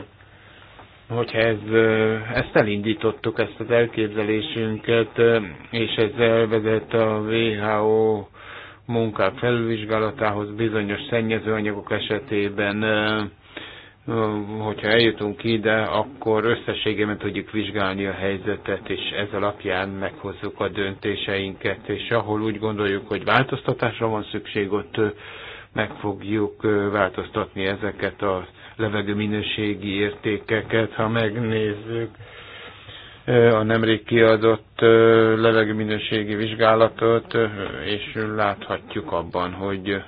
Speaker 1: hogyha ez, ezt elindítottuk, ezt az elképzelésünket, és ez elvezet a WHO munkák felvizsgálatához bizonyos szennyezőanyagok esetében, hogyha eljutunk ide, akkor összességében tudjuk vizsgálni a helyzetet, és ez alapján meghozzuk a döntéseinket, és ahol úgy gondoljuk, hogy változtatásra van szükség, ott meg fogjuk változtatni ezeket a minőségi értékeket, ha megnézzük a nemrég kiadott levegőminőségi vizsgálatot, és láthatjuk abban, hogy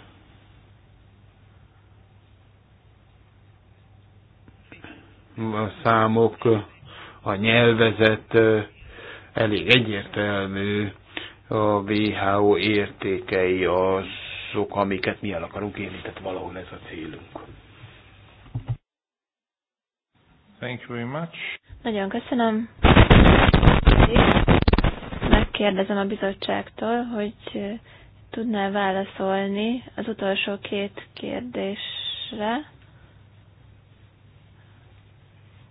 Speaker 1: a számok, a nyelvezet elég egyértelmű, a WHO értékei azok, amiket mi el akarunk érni, tehát valahol ez a célunk. Thank you very much.
Speaker 2: Nagyon köszönöm. Megkérdezem a bizottságtól, hogy tudná válaszolni az utolsó két kérdésre,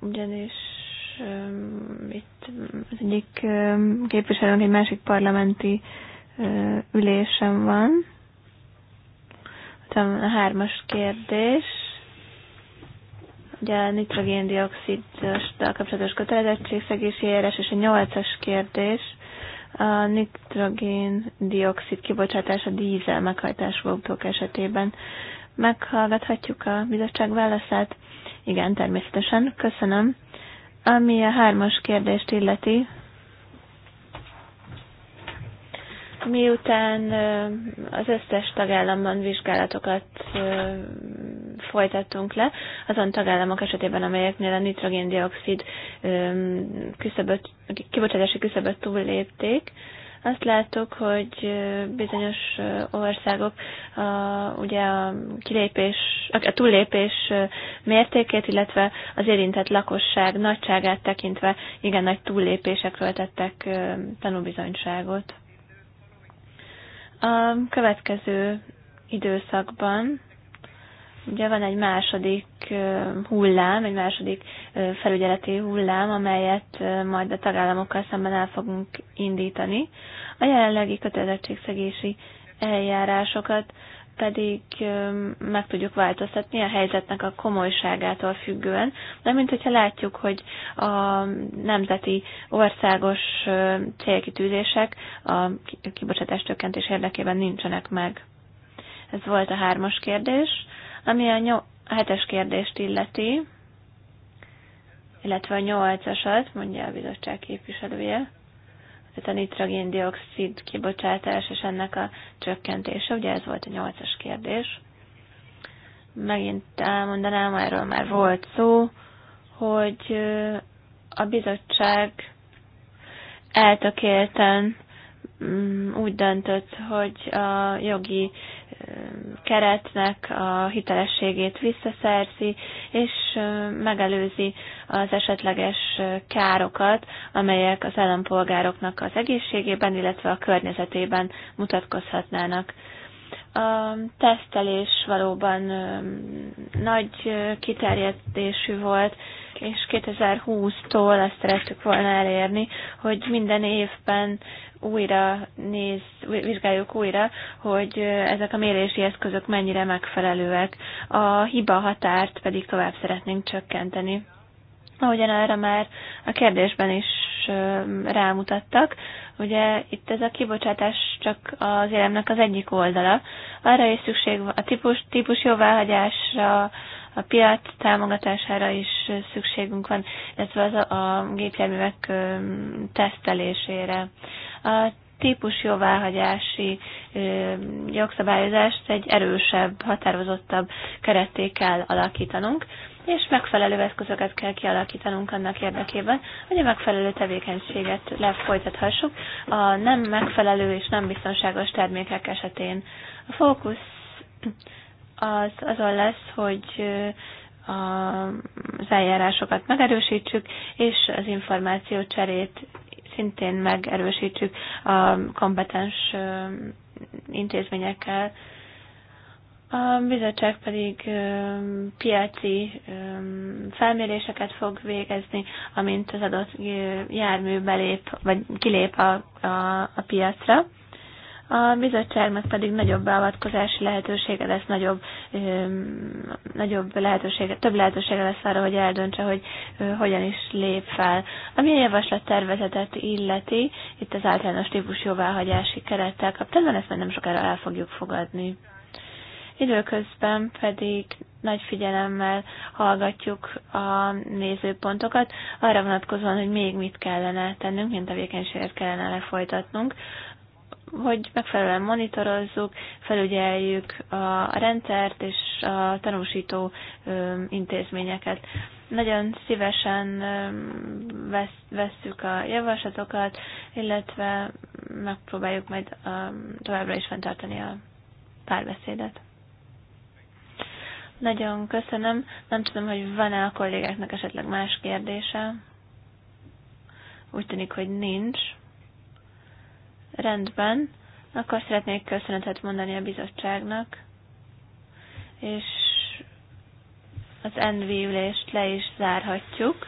Speaker 2: ugyanis um, itt az egyik um, képviselőnk egy másik parlamenti uh, ülésem van. A hármas kérdés Ugye a nitrogéndioxiddal kapcsolatos kötelezettségszegési eljárás és a nyolcas kérdés a nitrogén-dioxid kibocsátása dízel meghajtású autók esetében. Meghallgathatjuk a bizottság válaszát? Igen, természetesen. Köszönöm. Ami a hármas kérdést illeti, miután az összes tagállamban vizsgálatokat folytattunk le azon tagállamok esetében, amelyeknél a nitrogéndioxid küszöböt, kibocsátási küszöböt túllépték. Azt láttuk, hogy bizonyos országok a, ugye a kilépés, a túllépés mértékét, illetve az érintett lakosság nagyságát tekintve igen nagy túllépésekről tettek tanúbizonyságot. A következő időszakban ugye van egy második hullám, egy második felügyeleti hullám, amelyet majd a tagállamokkal szemben el fogunk indítani. A jelenlegi kötelezettségszegési eljárásokat pedig meg tudjuk változtatni a helyzetnek a komolyságától függően, de mint hogyha látjuk, hogy a nemzeti országos célkitűzések a kibocsátás csökkentés érdekében nincsenek meg. Ez volt a hármas kérdés. Ami a nyol- hetes kérdést illeti, illetve a nyolcasat, mondja a bizottság képviselője, tehát a nitrogén-dioxid kibocsátás és ennek a csökkentése, ugye ez volt a nyolcas kérdés. Megint elmondanám, erről már volt szó, hogy a bizottság eltökélten Mm, úgy döntött, hogy a jogi mm, keretnek a hitelességét visszaszerzi, és mm, megelőzi az esetleges károkat, amelyek az állampolgároknak az egészségében, illetve a környezetében mutatkozhatnának. A tesztelés valóban nagy kiterjedésű volt, és 2020-tól azt szerettük volna elérni, hogy minden évben újra néz, vizsgáljuk újra, hogy ezek a mérési eszközök mennyire megfelelőek. A hiba határt pedig tovább szeretnénk csökkenteni. Ahogyan erre már a kérdésben is rámutattak, ugye itt ez a kibocsátás csak az élemnek az egyik oldala. Arra is szükség van a típus, típus jóváhagyásra, a piac támogatására is szükségünk van, illetve az a, a gépjárművek tesztelésére. A típus jóváhagyási jogszabályozást egy erősebb, határozottabb keretté kell alakítanunk, és megfelelő eszközöket kell kialakítanunk annak érdekében, hogy a megfelelő tevékenységet lefolytathassuk a nem megfelelő és nem biztonságos termékek esetén. A fókusz az azon lesz, hogy az eljárásokat megerősítsük, és az információ cserét szintén megerősítsük a kompetens intézményekkel. A bizottság pedig piaci felméréseket fog végezni, amint az adott jármű belép, vagy kilép a, a, a piacra a bizottságnak pedig nagyobb beavatkozási lehetősége lesz, nagyobb, ö, nagyobb lehetősége, több lehetősége lesz arra, hogy eldöntse, hogy ö, hogyan is lép fel. Ami a tervezetet illeti, itt az általános típus jóváhagyási kerettel kapcsolatban, ezt majd nem sokára el fogjuk fogadni. Időközben pedig nagy figyelemmel hallgatjuk a nézőpontokat, arra vonatkozóan, hogy még mit kellene tennünk, mint tevékenységet kellene lefolytatnunk hogy megfelelően monitorozzuk, felügyeljük a rendszert és a tanúsító intézményeket. Nagyon szívesen vesszük a javaslatokat, illetve megpróbáljuk majd továbbra is fenntartani a párbeszédet. Nagyon köszönöm. Nem tudom, hogy van-e a kollégáknak esetleg más kérdése. Úgy tűnik, hogy nincs. Rendben, akkor szeretnék köszönetet mondani a bizottságnak, és az NV ülést le is zárhatjuk.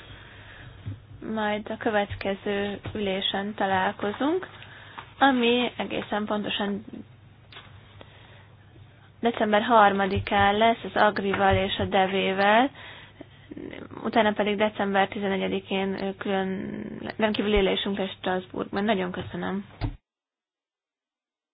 Speaker 2: Majd a következő ülésen találkozunk, ami egészen pontosan december 3-án lesz az Agrival és a Devével, utána pedig december 11-én külön rendkívül élésünk lesz Strasbourgban. Nagyon köszönöm.